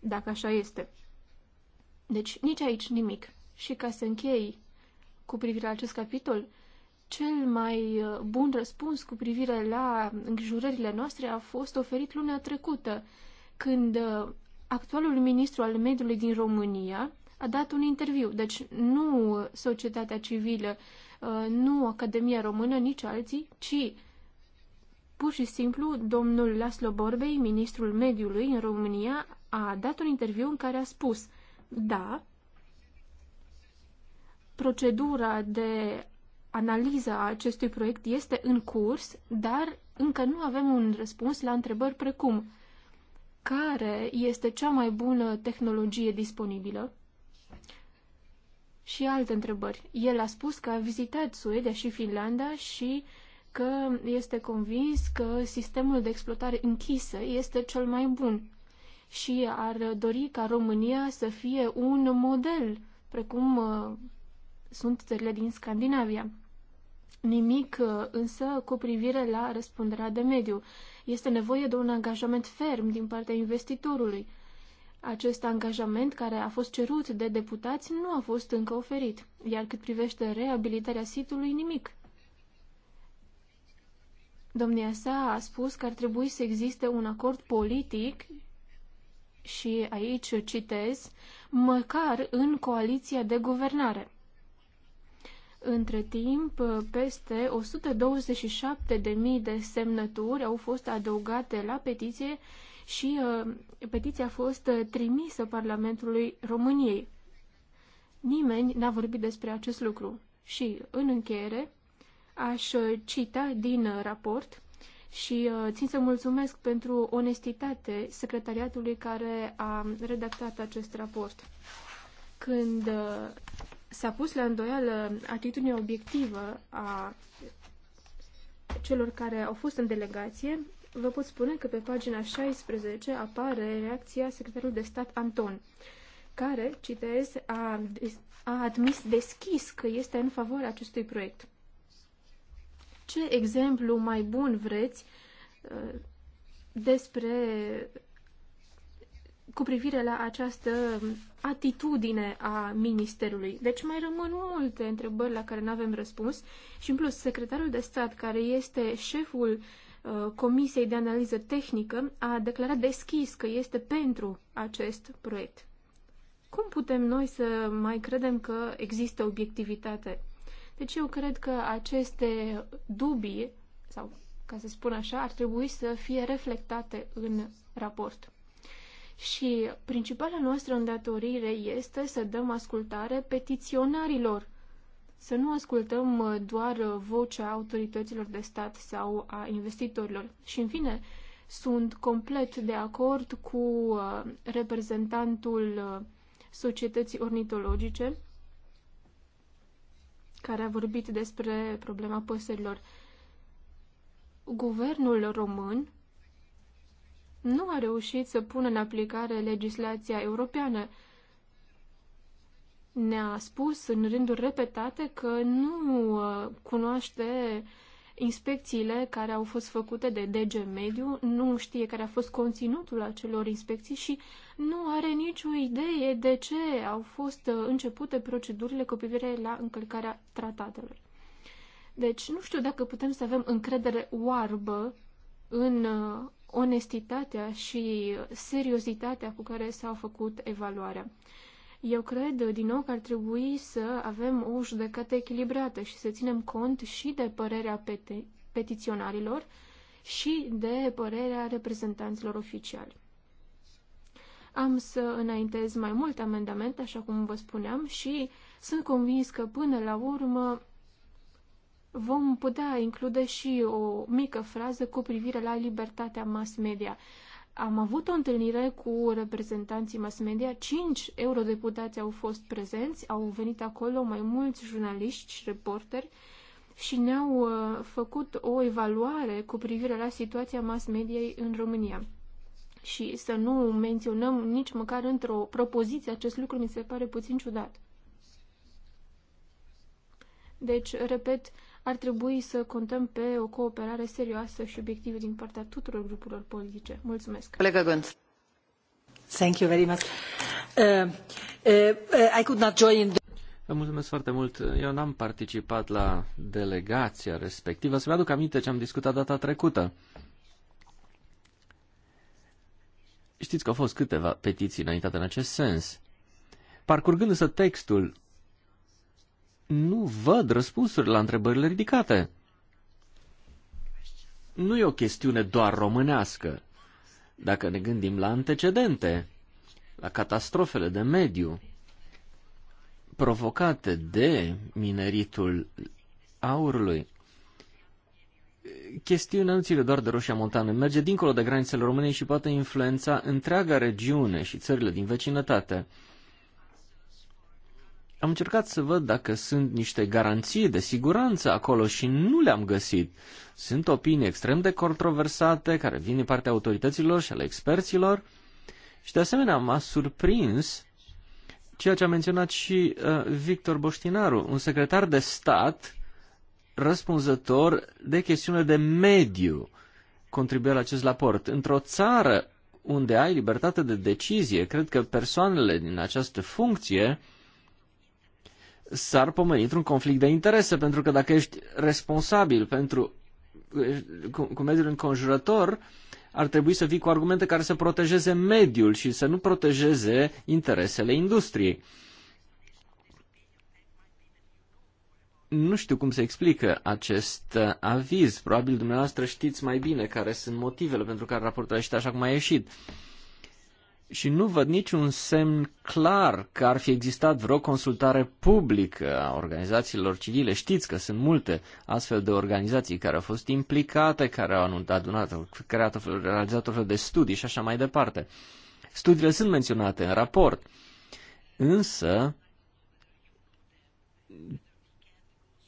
Dacă așa este. Deci nici aici nimic. Și ca să închei cu privire la acest capitol, cel mai uh, bun răspuns cu privire la îngrijorările noastre a fost oferit luna trecută, când uh, actualul ministru al mediului din România a dat un interviu. Deci nu uh, societatea civilă, nu Academia Română, nici alții, ci pur și simplu domnul Laslo Borbei, ministrul mediului în România, a dat un interviu în care a spus – da, procedura de analiză a acestui proiect este în curs, dar încă nu avem un răspuns la întrebări precum care este cea mai bună tehnologie disponibilă? Și alte întrebări. El a spus că a vizitat Suedia și Finlanda și că este convins că sistemul de exploatare închisă este cel mai bun și ar dori ca România să fie un model, precum uh, sunt țările din Scandinavia. Nimic uh, însă cu privire la răspunderea de mediu. Este nevoie de un angajament ferm din partea investitorului. Acest angajament care a fost cerut de deputați nu a fost încă oferit, iar cât privește reabilitarea sitului, nimic. Domnia sa a spus că ar trebui să existe un acord politic și aici citez, măcar în coaliția de guvernare. Între timp, peste 127.000 de semnături au fost adăugate la petiție și uh, petiția a fost uh, trimisă Parlamentului României. Nimeni n-a vorbit despre acest lucru. Și, în încheiere, aș uh, cita din uh, raport și uh, țin să mulțumesc pentru onestitate secretariatului care a redactat acest raport. Când uh, s-a pus la îndoială atitudinea obiectivă a celor care au fost în delegație, vă pot spune că pe pagina 16 apare reacția secretarului de stat Anton, care, citez, a, a admis deschis că este în favoarea acestui proiect ce exemplu mai bun vreți uh, despre cu privire la această atitudine a Ministerului. Deci mai rămân multe întrebări la care nu avem răspuns și, în plus, secretarul de stat, care este șeful uh, Comisiei de Analiză Tehnică, a declarat deschis că este pentru acest proiect. Cum putem noi să mai credem că există obiectivitate? Deci eu cred că aceste dubii, sau ca să spun așa, ar trebui să fie reflectate în raport. Și principala noastră îndatorire este să dăm ascultare petiționarilor, să nu ascultăm uh, doar uh, vocea autorităților de stat sau a investitorilor. Și, în fine, sunt complet de acord cu uh, reprezentantul societății ornitologice, care a vorbit despre problema păsărilor. Guvernul român nu a reușit să pună în aplicare legislația europeană. Ne-a spus în rânduri repetate că nu uh, cunoaște uh, Inspecțiile care au fost făcute de DG Mediu nu știe care a fost conținutul acelor inspecții și nu are nicio idee de ce au fost uh, începute procedurile cu privire la încălcarea tratatelor. Deci nu știu dacă putem să avem încredere oarbă în uh, onestitatea și seriozitatea cu care s-au făcut evaluarea. Eu cred, din nou, că ar trebui să avem o judecată echilibrată și să ținem cont și de părerea pete- petiționarilor și de părerea reprezentanților oficiali. Am să înaintez mai mult amendamente, așa cum vă spuneam, și sunt convins că până la urmă vom putea include și o mică frază cu privire la libertatea mass media. Am avut o întâlnire cu reprezentanții mass media, cinci eurodeputați au fost prezenți, au venit acolo mai mulți jurnaliști și reporteri și ne-au uh, făcut o evaluare cu privire la situația mass mediei în România. Și să nu menționăm nici măcar într-o propoziție acest lucru mi se pare puțin ciudat. Deci, repet, uh, ar trebui să contăm pe o cooperare serioasă și obiectivă din partea tuturor grupurilor politice. Mulțumesc! Colegă Gânț. Thank you very much. Uh, uh, I could not join the... Vă mulțumesc foarte mult. Eu n-am participat la delegația respectivă. Să-mi aduc aminte ce am discutat data trecută. Știți că au fost câteva petiții înaintate în acest sens. Parcurgând însă textul, nu văd răspunsuri la întrebările ridicate. Nu e o chestiune doar românească. Dacă ne gândim la antecedente, la catastrofele de mediu provocate de mineritul aurului, chestiunea nu ține doar de Roșia Montană, merge dincolo de granițele României și poate influența întreaga regiune și țările din vecinătate. Am încercat să văd dacă sunt niște garanții de siguranță acolo și nu le-am găsit. Sunt opinii extrem de controversate care vin din partea autorităților și ale experților și de asemenea m-a surprins ceea ce a menționat și uh, Victor Boștinaru, un secretar de stat răspunzător de chestiune de mediu contribuie la acest raport. Într-o țară unde ai libertate de decizie, cred că persoanele din această funcție uh, s-ar pomeni într-un conflict de interese, pentru că dacă ești responsabil pentru cu, cu mediul înconjurător, ar trebui să vii cu argumente care să protejeze mediul și să nu protejeze interesele industriei. Nu știu cum se explică acest uh, aviz. Probabil dumneavoastră știți mai bine care sunt motivele pentru care raportul a ieșit așa cum a ieșit. Uh, și nu văd niciun semn clar că ar fi existat vreo consultare publică a organizațiilor civile. Știți că sunt multe astfel de organizații care au fost implicate, care au adunat, creat, realizat o fel de studii și așa mai departe. Studiile sunt menționate în raport, însă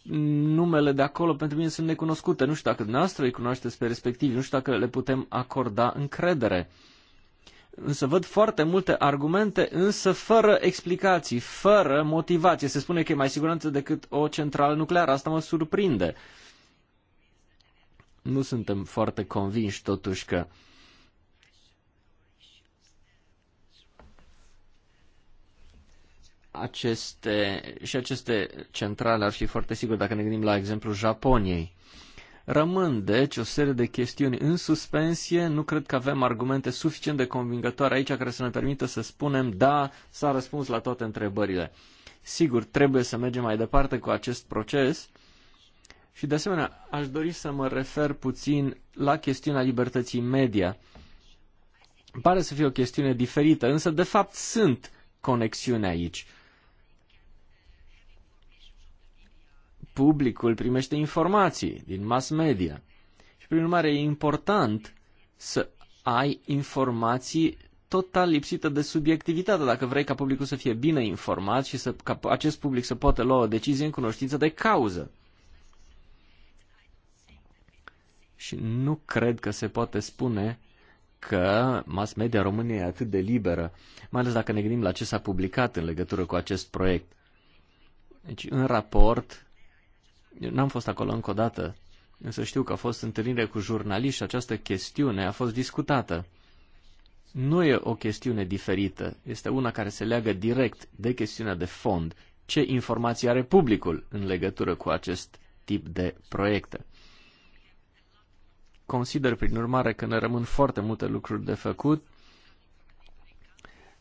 numele de acolo pentru mine sunt necunoscute. Nu știu dacă dumneavoastră îi cunoașteți pe respectivi, nu știu dacă le putem acorda încredere. Însă văd foarte multe argumente, însă fără explicații, fără motivație. Se spune că e mai siguranță decât o centrală nucleară. Asta mă surprinde. Nu suntem foarte convinși totuși că aceste, și aceste centrale ar fi foarte sigure dacă ne gândim la exemplul Japoniei. Rămân, deci, o serie de chestiuni în suspensie. Nu cred că avem argumente suficient de convingătoare aici care să ne permită să spunem da, s-a răspuns la toate întrebările. Sigur, trebuie să mergem mai departe cu acest proces. Și, de asemenea, aș dori să mă refer puțin la chestiunea libertății media. Pare să fie o chestiune diferită, însă, de fapt, sunt conexiuni aici. Uh, publicul primește informații din mass media. Și prin urmare e important să ai informații total lipsită de subiectivitate, dacă vrei ca publicul să fie bine informat și să, ca acest public să poată lua o decizie în cunoștință de cauză. Și nu cred că se poate spune că mass media României e atât de liberă, mai ales dacă ne gândim la ce s-a publicat în legătură cu acest proiect. Deci, în raport, N-am fost acolo încă o dată, însă știu că a fost întâlnire cu jurnaliști și această chestiune a fost discutată. Nu e o chestiune diferită, este una care se leagă direct de chestiunea de fond. Ce informații are publicul în legătură cu acest tip de proiecte? Consider, prin urmare, că ne rămân foarte multe lucruri de făcut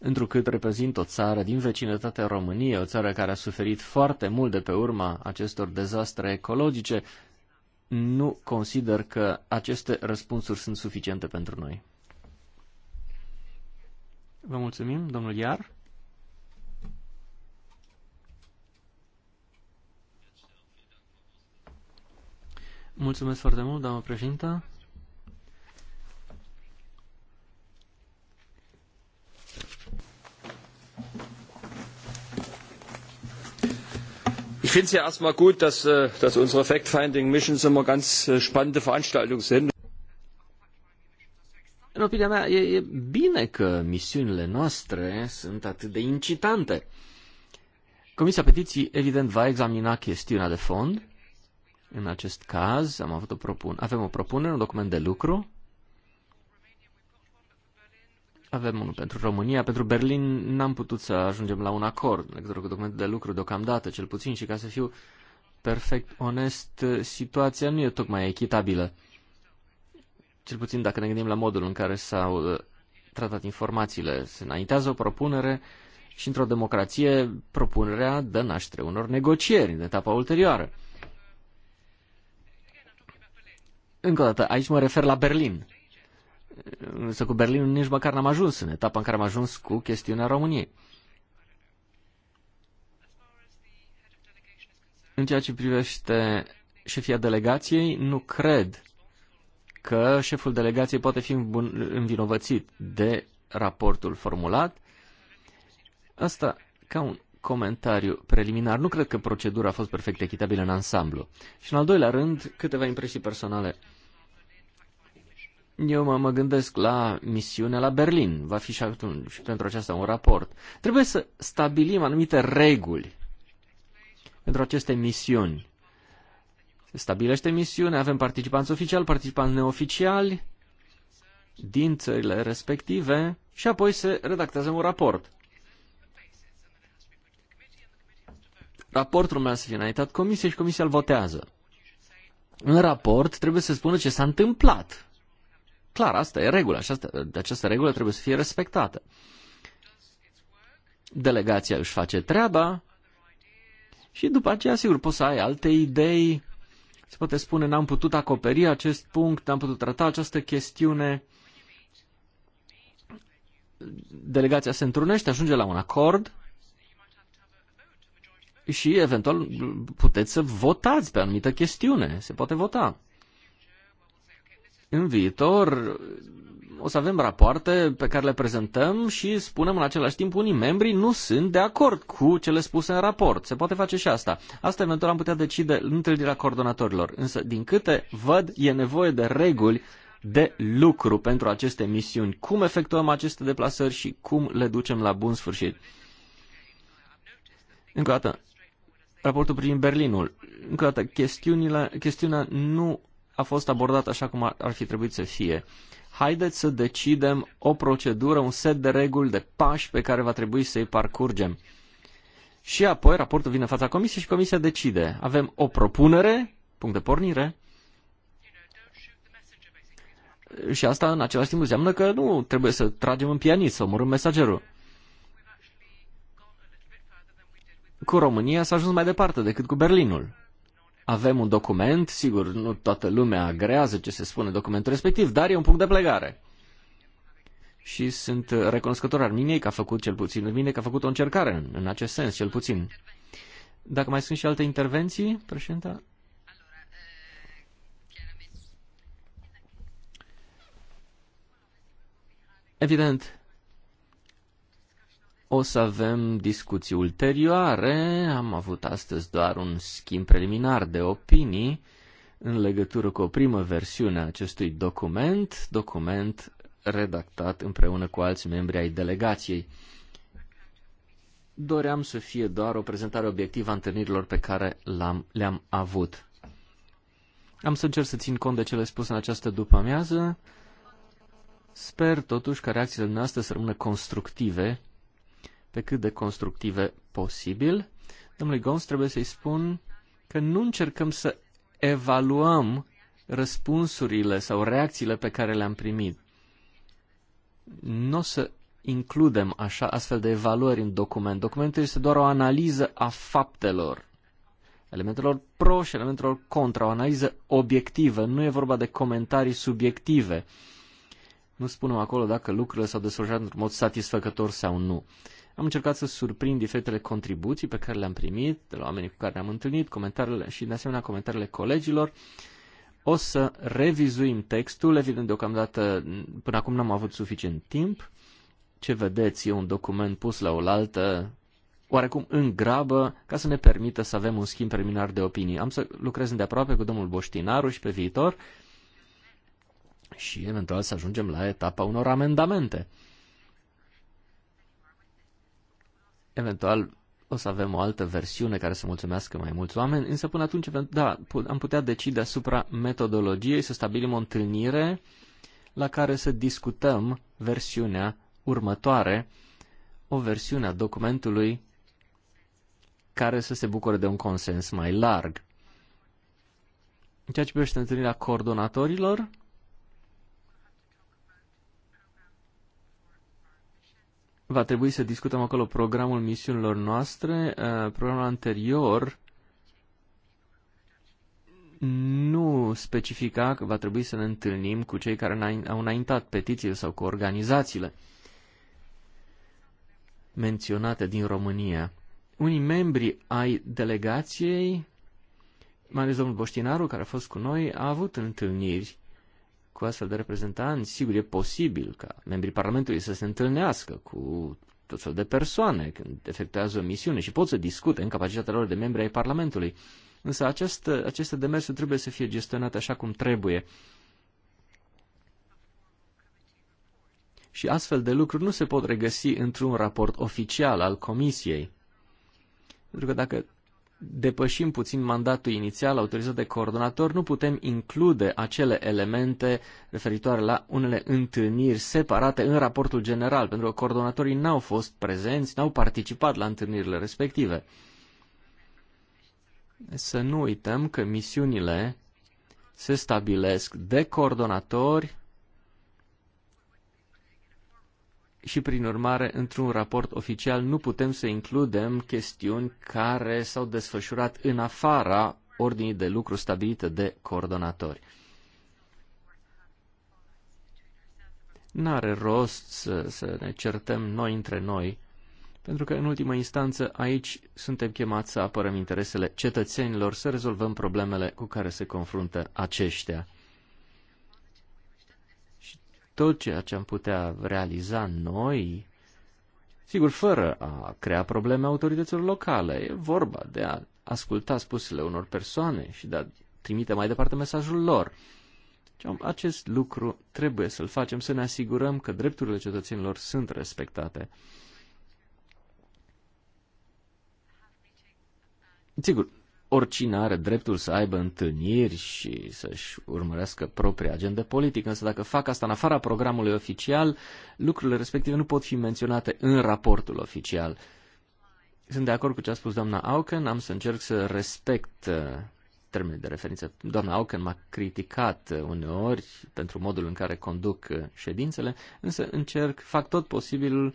întrucât reprezintă o țară din vecinătatea României, o țară care a suferit foarte mult de pe urma acestor dezastre ecologice, nu consider că aceste răspunsuri sunt suficiente pentru noi. Vă mulțumim, domnul Iar. Mulțumesc foarte mult, doamnă președintă. Ich finde es ja erstmal gut, dass, äh, dass unsere Fact-Finding-Missions immer ganz äh, spannende Veranstaltungen sind. În opinia mea, e, e bine că misiunile noastre sunt atât de incitante. Comisia Petiții, evident, va examina chestiunea de fond. În acest caz, am avut o propun avem o propunere, un document de lucru avem unul pentru România. Pentru Berlin n-am putut să ajungem la un acord în legătură cu documente de lucru deocamdată, cel puțin, și ca să fiu perfect onest, situația nu e tocmai echitabilă. Cel puțin dacă ne gândim la modul în care s-au uh, tratat informațiile. Se înaintează o propunere și într-o democrație propunerea dă naștere unor negocieri în etapa ulterioară. Încă o dată, aici mă refer la Berlin. Însă cu Berlin nici măcar n-am ajuns în etapa în care am ajuns cu chestiunea României. În ceea ce privește șefia delegației, nu cred că șeful delegației poate fi învinovățit de raportul formulat. Asta ca un comentariu preliminar. Nu cred că procedura a fost perfect echitabilă în ansamblu. Și în al doilea rând, câteva impresii personale. Eu mă, mă gândesc la misiunea la Berlin. Va fi și, atunci, și pentru aceasta un raport. Trebuie să stabilim anumite reguli pentru aceste misiuni. Se stabilește misiunea, avem participanți oficiali, participanți neoficiali din țările respective și apoi se redactează un raport. Raportul urmează să fie înaintat comisiei și comisia îl votează. În raport trebuie să spună ce s-a întâmplat Clar, asta e regula și asta, această regulă trebuie să fie respectată. Delegația își face treaba și după aceea, sigur, poți să ai alte idei, se poate spune, n-am putut acoperi acest punct, n-am putut trata această chestiune. Delegația se întrunește, ajunge la un acord și eventual puteți să votați pe anumită chestiune, se poate vota. În viitor o să avem rapoarte pe care le prezentăm și spunem în același timp unii membri nu sunt de acord cu cele spuse în raport. Se poate face și asta. Asta eventual am putea decide în întâlnirea coordonatorilor. Însă, din câte văd, e nevoie de reguli de lucru pentru aceste misiuni. Cum efectuăm aceste deplasări și cum le ducem la bun sfârșit. Încă o dată, raportul privind Berlinul. Încă o dată, chestiunea nu a fost abordat așa cum ar fi trebuit să fie. Haideți să decidem o procedură, un set de reguli, de pași pe care va trebui să-i parcurgem. Și apoi raportul vine în fața comisiei și comisia decide. Avem o propunere, punct de pornire, și asta în același timp înseamnă că nu trebuie să tragem în pianist, să omorâm mesagerul. Cu România s-a ajuns mai departe decât cu Berlinul avem un document, sigur, nu toată lumea agrează ce se spune documentul respectiv, dar e un punct de plecare. Și sunt recunoscător Arminiei că a făcut cel puțin, mine că a făcut o încercare în, în acest sens, cel puțin. Dacă mai sunt și alte intervenții, președinte Evident, o să avem discuții ulterioare, am avut astăzi doar un schimb preliminar de opinii în legătură cu o primă versiune a acestui document, document redactat împreună cu alți membri ai delegației. Doream să fie doar o prezentare obiectivă a întâlnirilor pe care le-am le avut. Am să încerc să țin cont de cele spuse în această după-amiază. Sper totuși ca reacțiile noastre să rămână constructive pe cât de constructive posibil. Domnului Gomes trebuie să-i spun că nu încercăm să evaluăm răspunsurile sau reacțiile pe care le-am primit. Nu o să includem așa astfel de evaluări în document. Documentul este doar o analiză a faptelor, elementelor pro și elementelor contra, o analiză obiectivă, nu e vorba de comentarii subjective. Nu spunem acolo dacă lucrurile s-au desfășurat într-un mod satisfăcător sau nu. Am încercat să surprind diferitele contribuții pe care le-am primit de la oamenii cu care ne-am întâlnit, comentariile și de asemenea comentariile colegilor. O să revizuim textul, evident deocamdată până acum n-am avut suficient timp. Ce vedeți e un document pus la oaltă, oarecum în grabă, ca să ne permită să avem un schimb preliminar de opinii. Am să lucrez îndeaproape cu domnul Boștinaru și pe viitor și eventual să ajungem la etapa unor amendamente. Eventual o să avem o altă versiune care să mulțumească mai mulți oameni, însă până atunci da, am putea decide asupra metodologiei, să stabilim o întâlnire la care să discutăm versiunea următoare, o versiune a documentului care să se bucure de un consens mai larg. În ceea ce privește întâlnirea coordonatorilor, va trebui să discutăm acolo programul misiunilor noastre. Uh, programul anterior nu specifica că va trebui să ne întâlnim cu cei care au înaintat petițiile sau cu organizațiile menționate din România. Unii membri ai delegației, mai ales domnul Boștinaru, care a fost cu noi, a avut întâlniri cu astfel de reprezentanți, sigur, e posibil ca membrii Parlamentului să se întâlnească cu tot felul de persoane când efectuează o misiune și pot să discute în capacitatea lor de membri ai Parlamentului. Însă această, aceste demersuri trebuie să fie gestionate așa cum trebuie. Și astfel de lucruri nu se pot regăsi într-un raport oficial al Comisiei. Pentru că dacă depășim puțin mandatul inițial autorizat de coordonator, nu putem include acele elemente referitoare la unele întâlniri separate în raportul general, pentru că coordonatorii n-au fost prezenți, n-au participat la întâlnirile respective. Să nu uităm că misiunile se stabilesc de coordonatori și, prin urmare, într-un raport oficial nu putem să includem chestiuni care s-au desfășurat în afara ordinii de lucru stabilită de coordonatori. N-are rost să, să ne certăm noi între noi, pentru că, în ultima instanță, aici suntem chemați să apărăm interesele cetățenilor, să rezolvăm problemele cu care se confruntă aceștia tot ceea ce am putea realiza noi, sigur, fără a crea probleme autorităților locale. E vorba de a asculta spusele unor persoane și de a trimite mai departe mesajul lor. Acest lucru trebuie să-l facem, să ne asigurăm că drepturile cetățenilor sunt respectate. Sigur, oricine are dreptul să aibă întâlniri și să-și urmărească propria agenda politică, însă dacă fac asta în afara programului oficial, lucrurile respective nu pot fi menționate în raportul oficial. Sunt de acord cu ce a spus doamna Auken, am să încerc să respect uh, termenii de referință. Doamna Auken m-a criticat uh, uneori pentru modul în care conduc uh, ședințele, însă încerc, fac tot posibilul uh,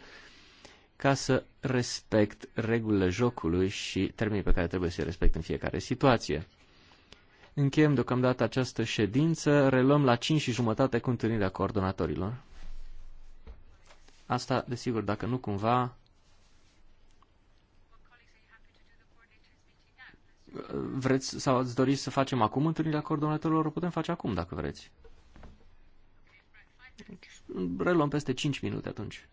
ca să respect regulile jocului și termenii pe care trebuie să-i respect în fiecare situație. Încheiem deocamdată această ședință, reluăm la 5 și jumătate cu întâlnirea coordonatorilor. Asta, desigur, dacă nu cumva vreți sau ați dori să facem acum întâlnirea coordonatorilor, o putem face acum, dacă vreți. Reluăm peste 5 minute atunci.